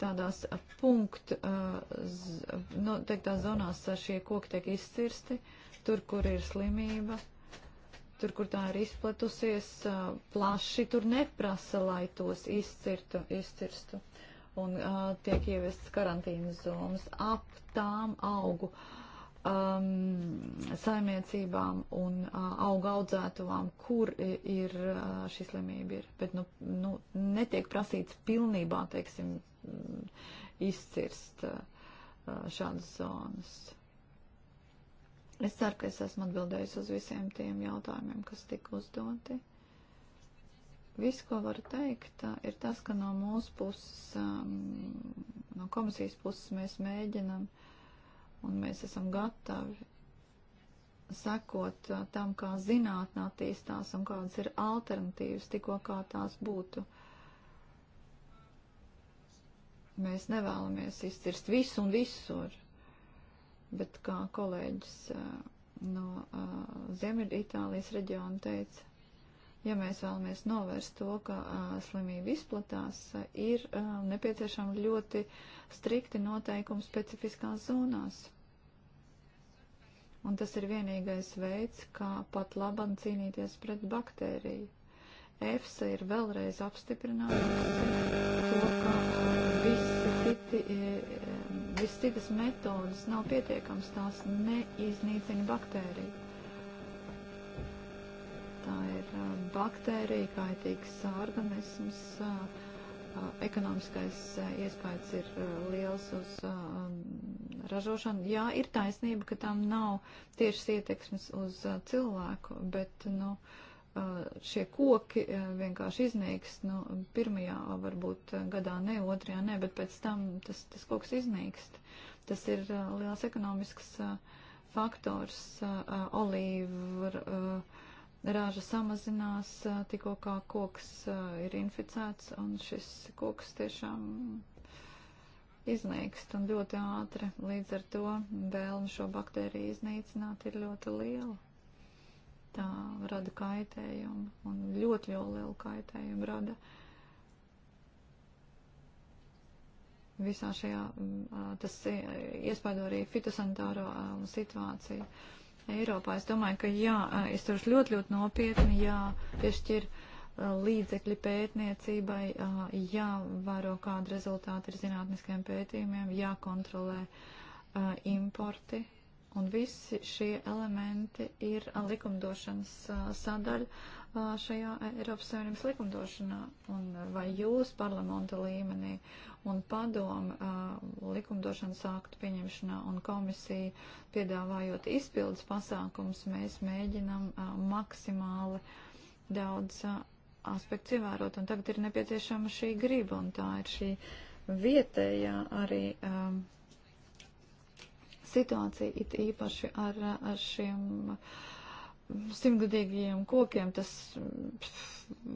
tādās punktu, uh, nu, teiktās zonās šie koki tiek izcirsti, tur, kur ir slimība. Uh, Tur, kur tā ir izplatusies plaši, tur neprasa, lai tos izcirtu, izcirstu. Un uh, tiek ievestas karantīnas zonas ap tām augu um, saimniecībām un uh, auga audzētuvām, kur ir uh, šī slimība ir. Bet, nu, nu, netiek prasīts pilnībā, teiksim, izcirst uh, šādas zonas. Es ceru, ka es esmu atbildējusi uz visiem tiem jautājumiem, kas tika uzdoti. Viss, ko varu teikt, ir tas, ka no mūsu puses, um, no komisijas puses mēs mēģinam un mēs esam gatavi sekot uh, tam, kā zinātnē attīstās un kādas ir alternatīvas, tikko kā tās būtu. Mēs nevēlamies izcirst visu un visur bet kā kolēģis no Ziemeļa Itālijas reģiona teica, ja mēs vēlamies novērst to, ka slimība izplatās, ir nepieciešama ļoti strikti noteikumi specifiskās zonās. Un tas ir vienīgais veids, kā pat labam cīnīties pret baktēriju. EFSA ir vēlreiz apstiprinājusi to, ka visi citi Viss citas metodas nav pietiekams, tās neiznīcina baktēriju. Tā ir baktērija, kaitīgs organisms, ekonomiskais iespējas ir liels uz ražošanu. Jā, ir taisnība, ka tam nav tiešas ietekmes uz cilvēku, bet, nu, no, šie koki vienkārši iznīks, nu, pirmajā varbūt gadā ne, otrajā ne, bet pēc tam tas, tas koks iznīkst. Tas ir liels ekonomisks faktors, olīva rāža samazinās, tikko kā koks ir inficēts, un šis koks tiešām iznīkst un ļoti ātri. Līdz ar to vēlme šo baktēriju iznīcināt ir ļoti liela tā rada kaitējumu un ļoti jau lielu kaitējumu rada visā šajā, mm, tas iespēdo arī fitosanitāro situāciju Eiropā. Es domāju, ka jā, izturš ļoti, ļoti nopietni, jā, piešķir līdzekļi pētniecībai, jāvēro kāda rezultāti ir zinātniskiem pētījumiem, jākontrolē importi Un visi šie elementi ir likumdošanas sadaļa šajā Eiropas Savienības likumdošanā. Un vai jūs parlamenta līmenī un padomu likumdošanas aktu pieņemšanā un komisija piedāvājot izpildus pasākums, mēs mēģinam maksimāli daudz aspektu ievērot. Un tagad ir nepieciešama šī griba un tā ir šī vietējā arī. Um, situācija, it īpaši ar, ar šiem simtgadīgajiem kokiem, tas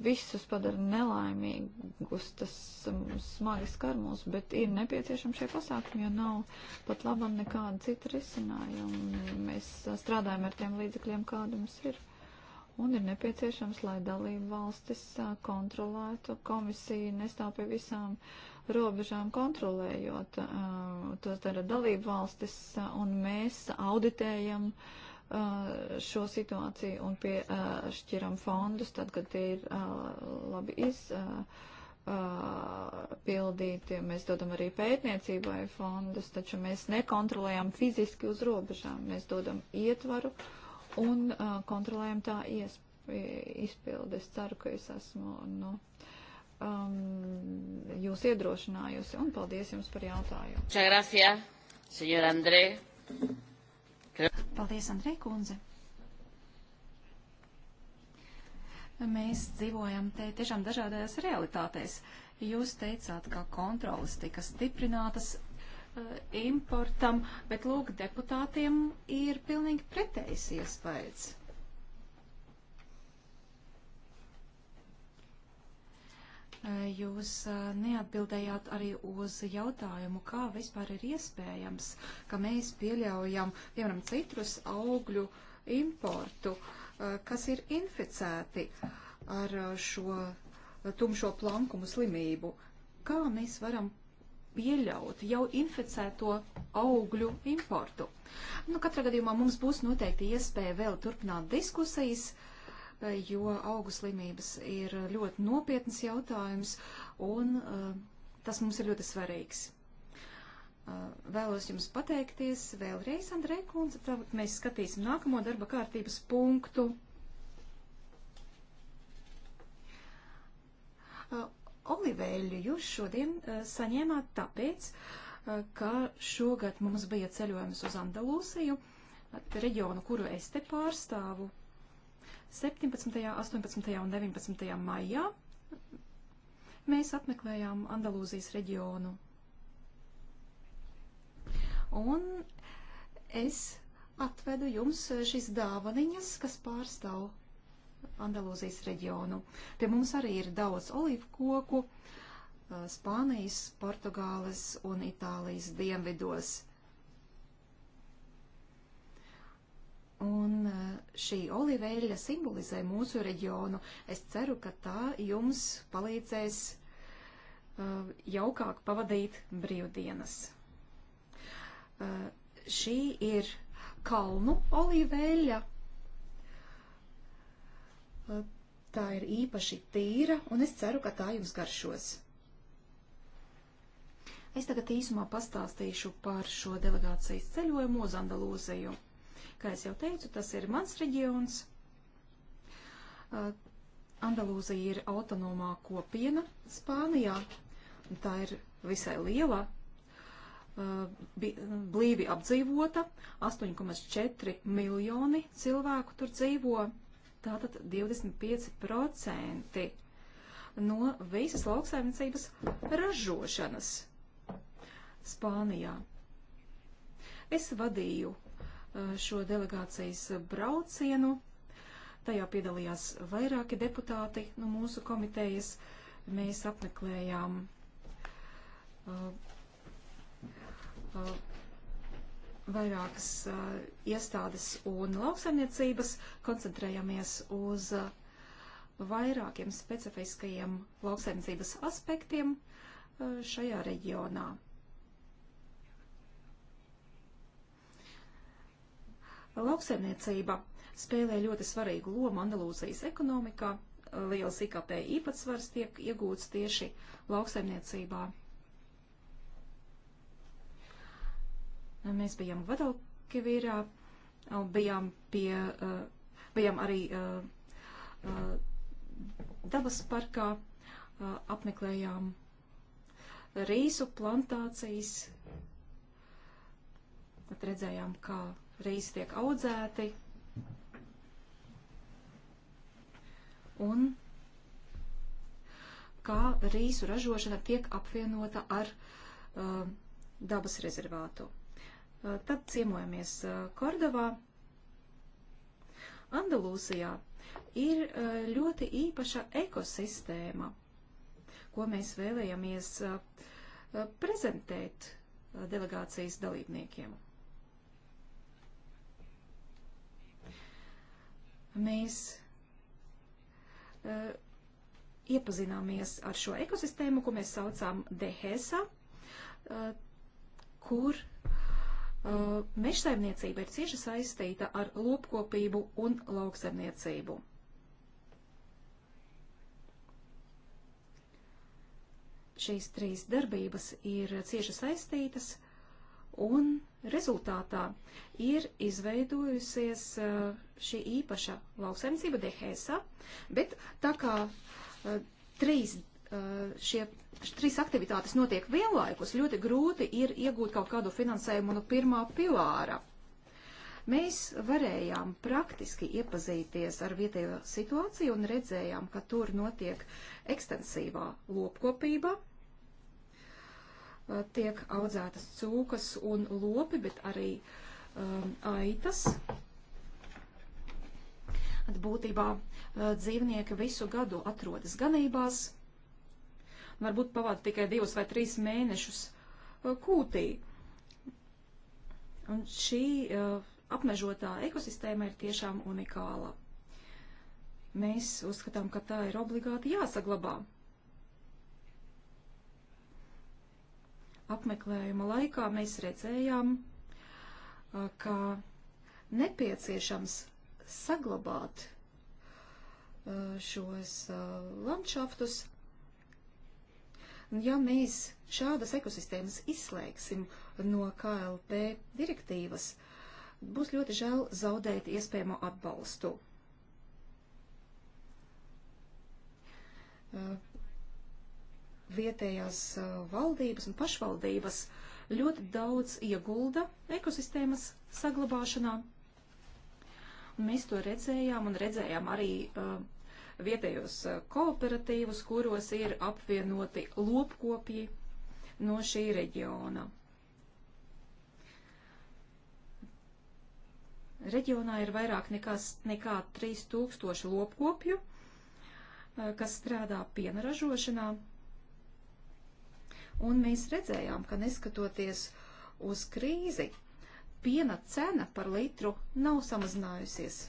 visus padara nelaimīgus, tas um, smagi skar mūs, bet ir nepieciešami šie pasākumi, jo nav pat labam nekāda cita risinājuma. Mēs uh, strādājam ar tiem līdzekļiem, kāda mums ir. Un ir nepieciešams, lai dalību valstis kontrolētu komisiju, nestāv pie visām robežām kontrolējot. Tos dara dalību valstis, un mēs auditējam šo situāciju un piešķiram fondus, tad, kad tie ir labi iz pildīti. Mēs dodam arī pētniecībai fondus, taču mēs nekontrolējam fiziski uz robežām. Mēs dodam ietvaru. Uh, un uh, kontrolējam tā izpildi. Es ceru, ka es esmu, nu, um, jūs iedrošinājusi un paldies jums par jautājumu. Čagrāsijā, senjora Andrē. Paldies, Andrē Kunze. Mēs dzīvojam te tiešām dažādās realitātēs. Jūs teicāt, ka kontrolas tika stiprinātas Eh, importam, bet lūk, deputātiem ir pilnīgi pretējs iespējas. Eh, jūs eh, neatbildējāt arī uz jautājumu, kā vispār ir iespējams, ka mēs pieļaujam, piemēram, citrus augļu importu, kas ir inficēti ar šo tumšo plankumu slimību. Kā mēs varam pieļaut jau inficēto augļu importu. Nu, katrā gadījumā mums būs noteikti iespēja vēl turpināt diskusijas, eh, jo augu slimības ir ļoti nopietnas jautājums, un eh, tas mums ir ļoti svarīgs. Eh, vēlos jums pateikties vēlreiz, Andrei Kunze, tad mēs skatīsim nākamo darba kārtības punktu. Oliveļu jūs šodien eh, saņēmāt tāpēc, eh, ka šogad mums bija ceļojums uz Andalūsiju, reģionu, kuru es te pārstāvu. 17., 18. un 19. maijā mēs apmeklējām Andalūzijas reģionu. Un es atvedu jums eh, šīs dāvaniņas, kas pārstāv Andalūzijas reģionu. Pie mums arī ir daudz olīvu koku Spānijas, Portugāles un Itālijas dienvidos. Un šī olīveļa simbolizē mūsu reģionu. Es ceru, ka tā jums palīdzēs jaukāk pavadīt brīvdienas. Šī ir kalnu olīveļa Eh, tā ir īpaši tīra, un es ceru, ka tā jums garšos. Es tagad īsumā pastāstīšu par šo delegācijas ceļojumu uz Andalūziju. Kā jau teicu, tas ir mans reģions. Eh, Andalūzija ir autonomā kopiena Spānijā. Tā ir visai liela, eh, blīvi apdzīvota. 8,4 miljoni cilvēku tur dzīvo. Tātad 25% no visas lauksaimniecības ražošanas Spānijā. Es vadīju uh, šo delegācijas braucienu. Tajā piedalījās vairāki deputāti no mūsu komitejas. Mēs apmeklējām uh, uh, vairākas uh, iestādes un lauksaimniecības, koncentrējamies uz uh, vairākiem specifiskajiem lauksaimniecības aspektiem uh, šajā reģionā. Lauksaimniecība spēlē ļoti svarīgu lomu Andalūzijas ekonomikā. Liels IKP īpatsvars tiek iegūts tieši lauksaimniecībā. Mēs bijām Gvadalkivirā, bijām, pie, bijām arī dabas parkā, apmeklējām rīsu plantācijas, tad redzējām, kā rīsi tiek audzēti. Un kā rīsu ražošana tiek apvienota ar uh, dabas rezervātu. Tad ciemojamies Kordovā, Andalūsijā. Ir ļoti īpaša ekosistēma, ko mēs vēlējamies prezentēt delegācijas dalībniekiem. Mēs uh, iepazināmies ar šo ekosistēmu, ko mēs saucām Dehesa, uh, kur mežsaimniecība ir cieši saistīta ar lopkopību un lauksaimniecību. Šīs trīs darbības ir cieši saistītas un rezultātā ir izveidojusies šī īpaša lauksaimniecība dehēsa, bet tā kā trīs Uh, šie trīs aktivitātes notiek vienlaikus, ļoti grūti ir iegūt kaut kādu finansējumu no pirmā pilāra. Mēs varējām praktiski iepazīties ar vietējo situāciju un redzējām, ka tur notiek ekstensīvā lopkopība, uh, tiek audzētas cūkas un lopi, bet arī um, aitas. At būtībā uh, dzīvnieki visu gadu atrodas ganībās, varbūt pavada tikai divus vai trīs mēnešus uh, kūtī. Un šī uh, apmežotā ekosistēma ir tiešām unikāla. Mēs uzskatām, ka tā ir obligāti jāsaglabā. Apmeklējuma laikā mēs redzējām, uh, ka nepieciešams saglabāt šos landšaftus, Ja mēs šādas ekosistēmas izslēgsim no KLP direktīvas, būs ļoti žēl zaudēt iespējamo atbalstu. Vietējās valdības un pašvaldības ļoti daudz iegulda ekosistēmas saglabāšanā. Un mēs to redzējām un redzējām arī uh, vietējos eh, kooperatīvus, kuros ir apvienoti lopkopji no šī reģiona. Reģionā ir vairāk nekā, nekā 3000 lopkopju, eh, kas strādā piena ražošanā. Un mēs redzējām, ka neskatoties uz krīzi, piena cena par litru nav samazinājusies.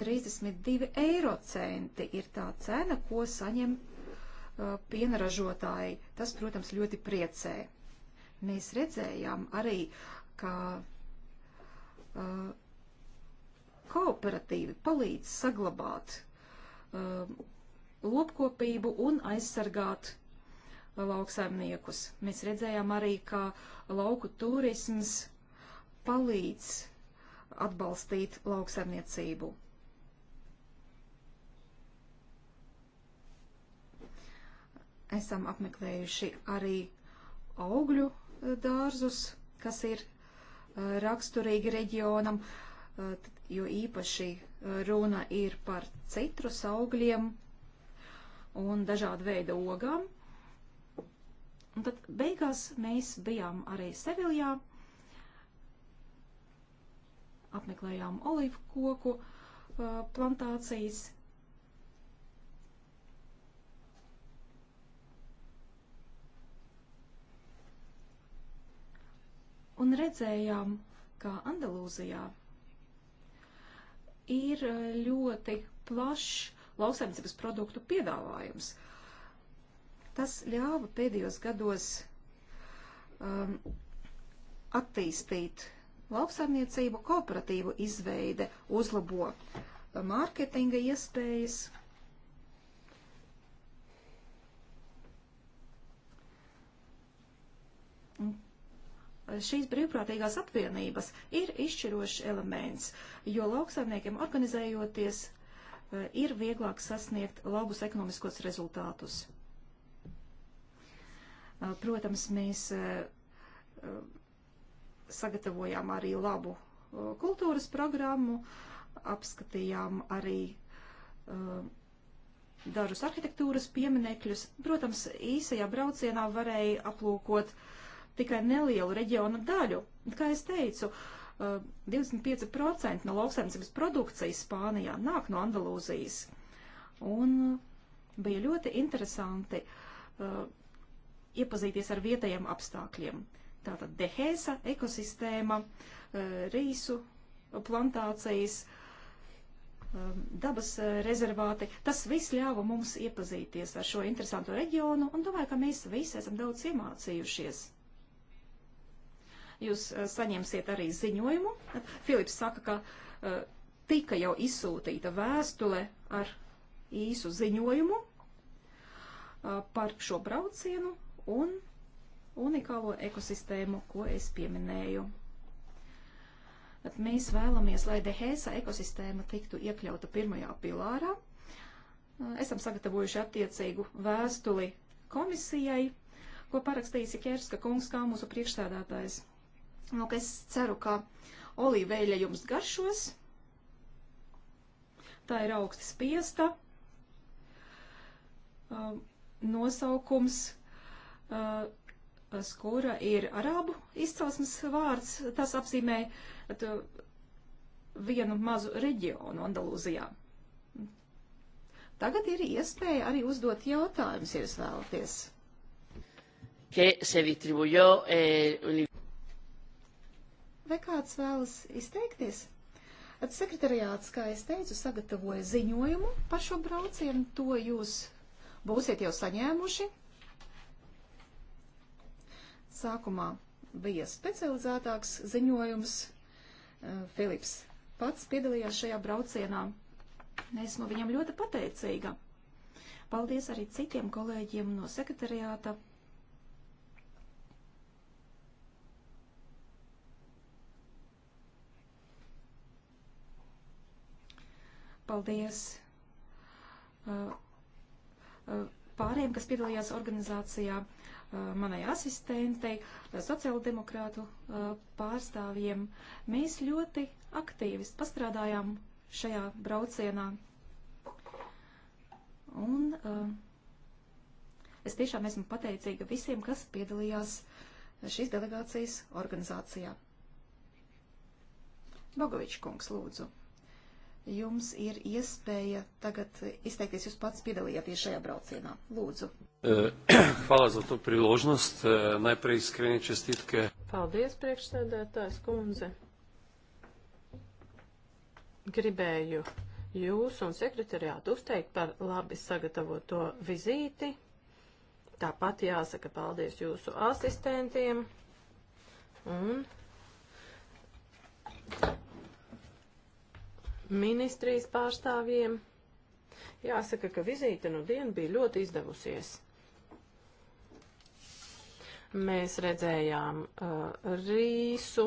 32 eiro centi ir tā cena, ko saņem uh, pienražotāji. Tas, protams, ļoti priecē. Mēs redzējām arī, ka uh, kooperatīvi palīdz saglabāt uh, lopkopību un aizsargāt uh, lauksaimniekus. Mēs redzējām arī, ka lauku turisms palīdz atbalstīt lauksaimniecību. esam apmeklējuši arī augļu eh, dārzus, kas ir eh, raksturīgi reģionam, eh, jo īpaši runa ir par citrus augļiem un dažādu veidu ogām. Un tad beigās mēs bijām arī Seviljā, apmeklējām olīvu koku plantācijas un redzējām, ka Andalūzijā ir e, ļoti plašs lauksaimniecības produktu piedāvājums. Tas ļāva pēdējos gados um, attīstīt lauksaimniecību, kooperatīvu izveide, uzlabo e, mārketinga iespējas. Un šīs brīvprātīgās apvienības ir izšķirošs elements, jo lauksaimniekiem organizējoties eh, ir vieglāk sasniegt labus ekonomiskos rezultātus. Eh, protams, mēs eh, sagatavojām arī labu kultūras programmu, apskatījām arī dažus arhitektūras pieminekļus. Protams, īsajā braucienā varēja aplūkot uh, tikai nelielu reģiona daļu. Kā es teicu, 25% uh, no lauksaimniecības produkcijas Spānijā nāk no Andalūzijas. Un uh, bija ļoti interesanti uh, iepazīties ar vietējiem apstākļiem. Tātad dehēsa ekosistēma, uh, rīsu plantācijas, um, dabas uh, rezervāti. Tas viss ļāva mums iepazīties ar šo interesantu reģionu un domāju, ka mēs visi esam daudz iemācījušies. Jūs eh, saņemsiet arī ziņojumu. Filips saka, ka eh, tika jau izsūtīta vēstule ar īsu ziņojumu eh, par šo braucienu un unikālo ekosistēmu, ko es pieminēju. Bet mēs vēlamies, lai Dehēsa ekosistēma tiktu iekļauta pirmajā pilārā. Esam sagatavojuši attiecīgu vēstuli komisijai, ko parakstījis Ikerska kungs kā mūsu priekšstādātājs. Nu, es ceru, ka olīveļa jums garšos. Tā ir augsta spiesta. Uh, nosaukums, uh, skura ir arabu izcelsmes vārds, tas apzīmē at, uh, vienu mazu reģionu Andalūzijā. Tagad ir iespēja arī uzdot jautājumus, ja jūs vēlaties. Que se distribuyó eh, Vai kāds vēlas izteikties? Sekretariāts, kā es teicu, sagatavoja ziņojumu par šo braucienu. To jūs būsiet jau saņēmuši. Sākumā bija specializētāks ziņojums. Eh, Filips pats piedalījās šajā braucienā. Esmu viņam ļoti pateicīga. Paldies arī citiem kolēģiem no sekretariāta Paldies uh, uh, pāriem, kas piedalījās organizācijā, uh, manai asistentei, sociāldemokrātu pārstāvjiem. Mēs ļoti aktīvi pastrādājām šajā braucienā. Un es tiešām esmu pateicīga visiem, kas piedalījās šīs delegācijas organizācijā. Bogovičs kungs, lūdzu. Jums ir iespēja tagad izteikties, jūs pats piedalījāties šajā braucienā. Lūdzu. Hvala za to priložnost. Najprej iskreni čestitke. Paldies, priekšsēdētājs kundze. Gribēju jūs un sekretariātu uzteikt par labi sagatavoto vizīti. Tāpat jāsaka paldies jūsu asistentiem un ministrijas pārstāvjiem. Jāsaka, ka vizīte nu no dien bija ļoti izdevusies. Mēs redzējām uh, rīsu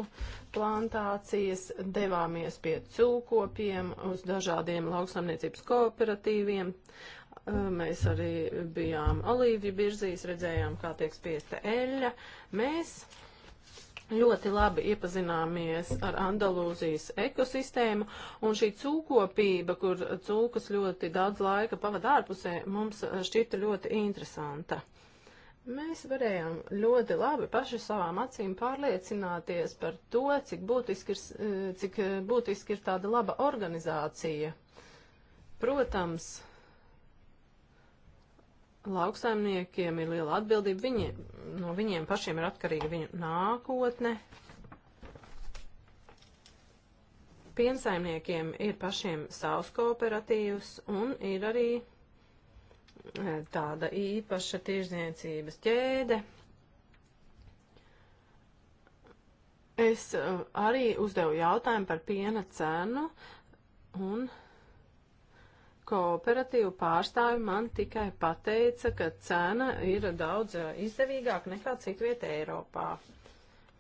plantācijas, devāmies pie cūkopiem, uz dažādiem lauksamniecības kooperatīviem. Uh, mēs arī bijām olīvju birzīs, redzējām, kā tiek spiesta eļļa. Mēs uh, ļoti labi iepazināmies ar Andalūzijas ekosistēmu, un šī cūkopība, kur cūkas ļoti daudz laika pavada ārpusē, mums šķita ļoti interesanta. Mēs varējām ļoti labi paši savām acīm pārliecināties par to, cik būtiski ir, cik būtiski ir tāda laba organizācija. Protams, lauksaimniekiem ir liela atbildība, viņiem, no viņiem pašiem ir atkarīga viņu nākotne. Piensaimniekiem ir pašiem savs kooperatīvs un ir arī e, tāda īpaša tirzniecības ķēde. Es e, arī uzdevu jautājumu par piena cenu un kooperatīvu pārstāvi man tikai pateica, ka cena ir daudz eh, izdevīgāka nekā citvieta Eiropā.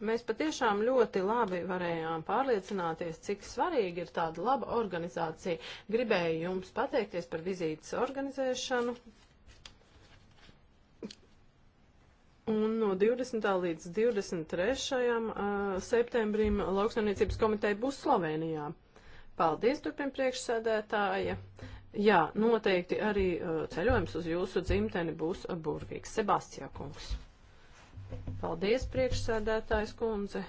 Mēs patiešām ļoti labi varējām pārliecināties, cik svarīgi ir tāda laba organizācija. Gribēju jums pateikties par vizītes organizēšanu. Un no 20. līdz 23. Eh, septembrim lauksaimniecības komiteja būs Slovenijā. Paldies, turpin priekšsēdētāja. Jā, noteikti arī uh, ceļojums uz jūsu dzimteni būs uh, burvīgs. Sebastijā kungs. Paldies, priekšsēdētājs kundze.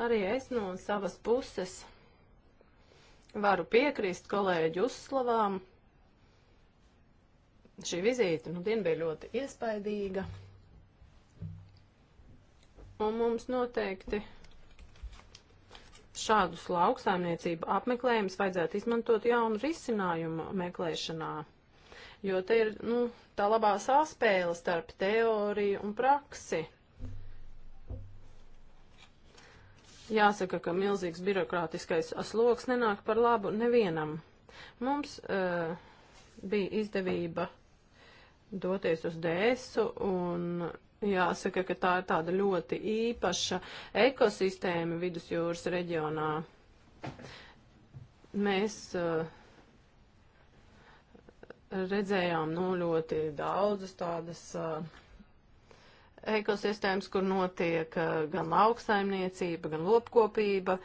Arī es no savas puses varu piekrist kolēģi uzslavām. Šī vizīte nu dien bija ļoti iespaidīga. Un mums noteikti Šādus lauksaimniecību apmeklējumus vajadzētu izmantot jaunu risinājumu meklēšanā, jo te ir nu, tā labā saspēle starp teoriju un praksi. Jāsaka, ka milzīgs birokrātiskais sloks nenāk par labu nevienam. Mums uh, bija izdevība doties uz dēsu un jāsaka, ka tā ir tāda ļoti īpaša ekosistēma vidusjūras reģionā. Mēs uh, redzējām nu, ļoti daudzas tādas uh, ekosistēmas, kur notiek uh, gan lauksaimniecība, gan lopkopība.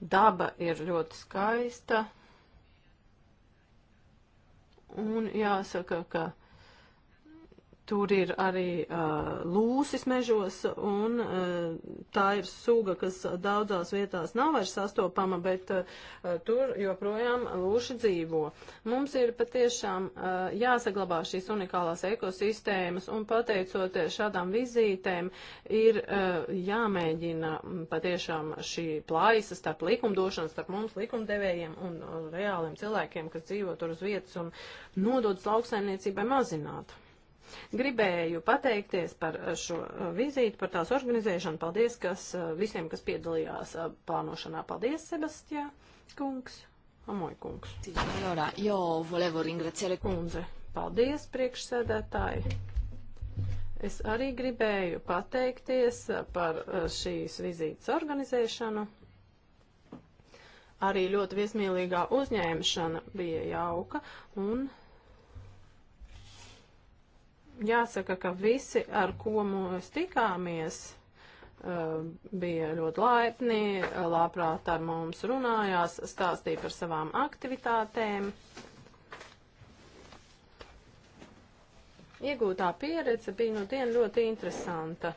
Daba ir ļoti skaista. Un jāsaka, ka Tur ir arī uh, lūsis mežos, un uh, tā ir suga, kas daudzās vietās nav vairs sastopama, bet uh, tur joprojām lūši dzīvo. Mums ir patiešām uh, jāsaglabā šīs unikālās ekosistēmas, un pateicoties šādām vizītēm, ir uh, jāmēģina mm, patiešām šī plaisa starp likumdošanu, starp mums likumdevējiem un uh, reāliem cilvēkiem, kas dzīvo tur uz vietas un nododas lauksaimniecībai mazināt. Gribēju pateikties par šo eh, vizīti, par tās organizēšanu. Paldies kas, eh, visiem, kas piedalījās eh, plānošanā. Paldies, Sebastijā kungs, Amoja kungs. Allora, jo volevo ringraziare kundze. Paldies, priekšsēdētāji. Es arī gribēju pateikties par šīs vizītes organizēšanu. Arī ļoti viesmīlīgā uzņēmšana bija jauka, un jāsaka, ka visi, ar ko mēs tikāmies, eh, bija ļoti laipni, labprāt ar mums runājās, stāstīja par savām aktivitātēm. Iegūtā pieredze bija nu no diena ļoti interesanta.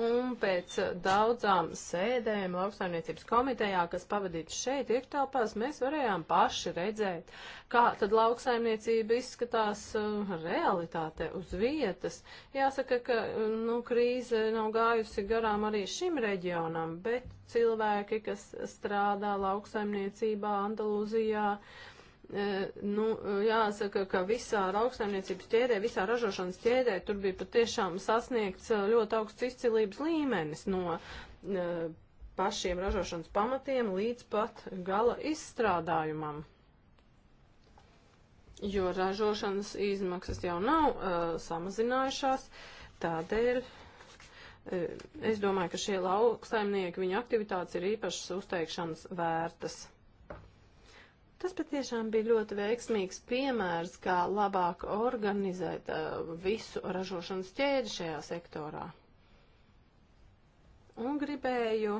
Un pēc daudzām sēdēm lauksaimniecības komitejā, kas pavadīts šeit iekštelpās, mēs varējām paši redzēt, kā tad lauksaimniecība izskatās uh, realitāte uz vietas. Jāsaka, ka uh, nu, krīze nav gājusi garām arī šim reģionam, bet cilvēki, kas strādā lauksaimniecībā Andalūzijā, uh, E, nu, e, jāsaka, ka visā rauksaimniecības ķēdē, visā ražošanas ķēdē tur bija patiešām sasniegts e, ļoti augsts izcilības līmenis no pašiem ražošanas pamatiem līdz pat gala izstrādājumam. Jo ražošanas izmaksas jau nav uh, samazinājušās, tādēļ uh, es domāju, ka šie lauksaimnieki, viņu aktivitātes ir īpašas uzteikšanas vērtas. Tas patiešām bija ļoti veiksmīgs piemērs, kā labāk organizēt uh, visu ražošanas ķēdi šajā sektorā. Un gribēju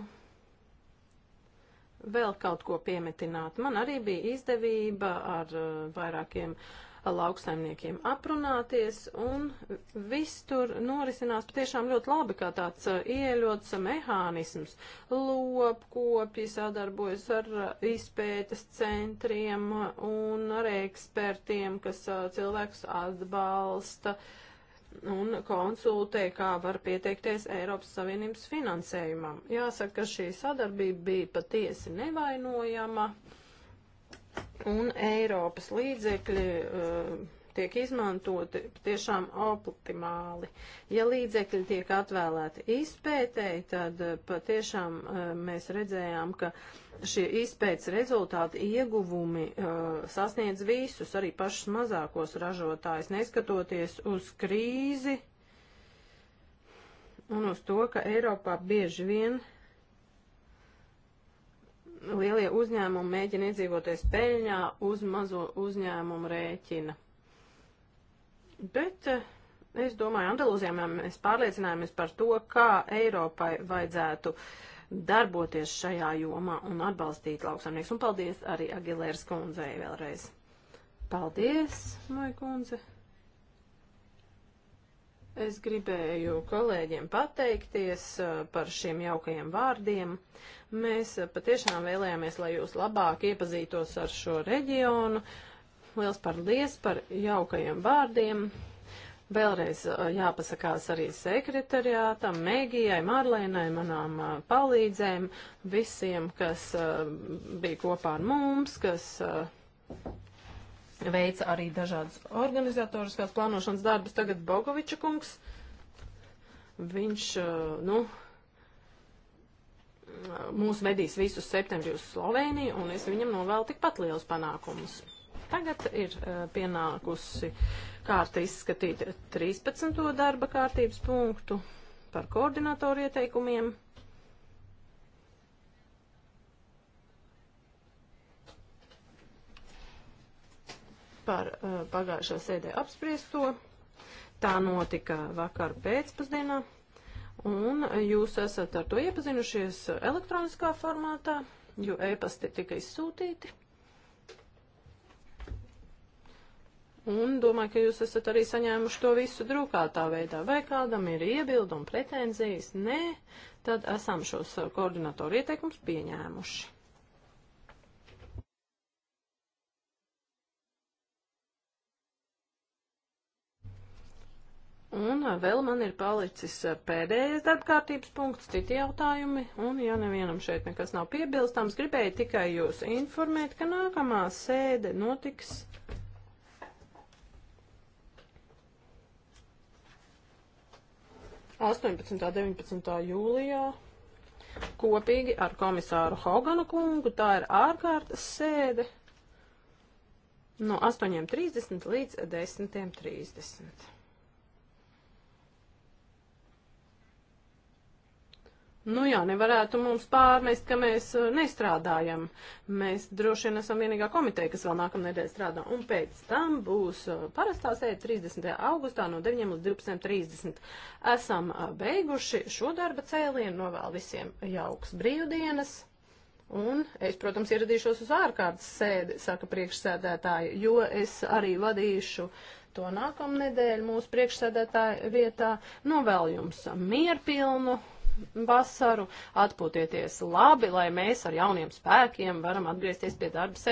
vēl kaut ko piemetināt. Man arī bija izdevība ar uh, vairākiem uh, lauksaimniekiem aprunāties, un viss tur norisinās patiešām ļoti labi, kā tāds uh, ieļots mehānisms. Lopkopji sadarbojas ar uh, izpētes centriem un ar ekspertiem, kas uh, cilvēkus atbalsta un konsultē, kā var pieteikties Eiropas Savienības finansējumam. Jāsaka, ka šī sadarbība bija patiesi nevainojama. Uh, un Eiropas līdzekļi uh, tiek izmantoti tiešām optimāli. Ja līdzekļi tiek atvēlēti izpētēji, tad eh, patiešām uh, mēs redzējām, ka šie izpētes rezultāti ieguvumi uh, sasniedz visus, arī pašus mazākos ražotājus, neskatoties uz krīzi un uz to, ka Eiropā bieži vien lielie uzņēmumi mēģina iedzīvoties peļņā uz mazo uzņēmumu rēķina. Bet eh, es domāju, Andalūzijā mēs pārliecinājāmies par to, kā Eiropai vajadzētu darboties šajā jomā un atbalstīt lauksamnieks. Un paldies arī Agilēras kundzei vēlreiz. Paldies, moja kundze. Es gribēju kolēģiem pateikties par šiem jaukajiem vārdiem. Mēs patiešām vēlējāmies, lai jūs labāk iepazītos ar šo reģionu. Liels paldies par jaukajiem vārdiem. Vēlreiz jāpasakās arī sekretariātam, Mēgijai, Marlēnai, manām palīdzēm, visiem, kas bija kopā ar mums, kas veica arī dažādas organizatoriskās plānošanas darbus. Tagad Bogoviča kungs, viņš, uh, nu, mūs vedīs visus septembrī uz Sloveniju, un es viņam novēlu tikpat lielus panākumus. Tagad ir uh, pienākusi kārta izskatīt 13. darba kārtības punktu par koordinatoru ieteikumiem. par uh, eh, pagājušā sēdē apspriesto. Tā notika vakar pēcpusdienā, un jūs esat ar to iepazinušies elektroniskā formātā, jo ēpasti tika izsūtīti. Un domāju, ka jūs esat arī saņēmuši to visu drukātā veidā. Vai kādam ir iebildumi, pretenzijas? Nē, tad esam šos koordinatoru ieteikums pieņēmuši. Un vēl man ir palicis eh, pēdējais darbkārtības punkts, citi jautājumi, un ja nevienam šeit nekas nav piebilstams, gribēju tikai jūs informēt, ka nākamā sēde notiks. Astoņpadsmitā, deviņpadsmitā jūlijā kopīgi ar komisāru Hoganu kungu, tā ir ārkārtas sēde no 8.30 līdz 10.30. Nu jā, nevarētu mums pārmest, ka mēs uh, nestrādājam. Mēs droši vien esam vienīgā komiteja, kas vēl nākamnedēļ strādā. Un pēc tam būs uh, parastā sēde 30. augustā no 9 līdz 12.30. Esam uh, beiguši šo darba cēlienu, novēl visiem jauks brīvdienas. Un es, protams, ieradīšos uz ārkārtas sēdi, saka priekšsēdētāji, jo es arī vadīšu to nākamnedēļ mūsu priekšsēdētāja vietā. Novēl jums mierpilnu vasaru, atpūtieties labi, lai mēs ar jauniem spēkiem varam atgriezties pie darba.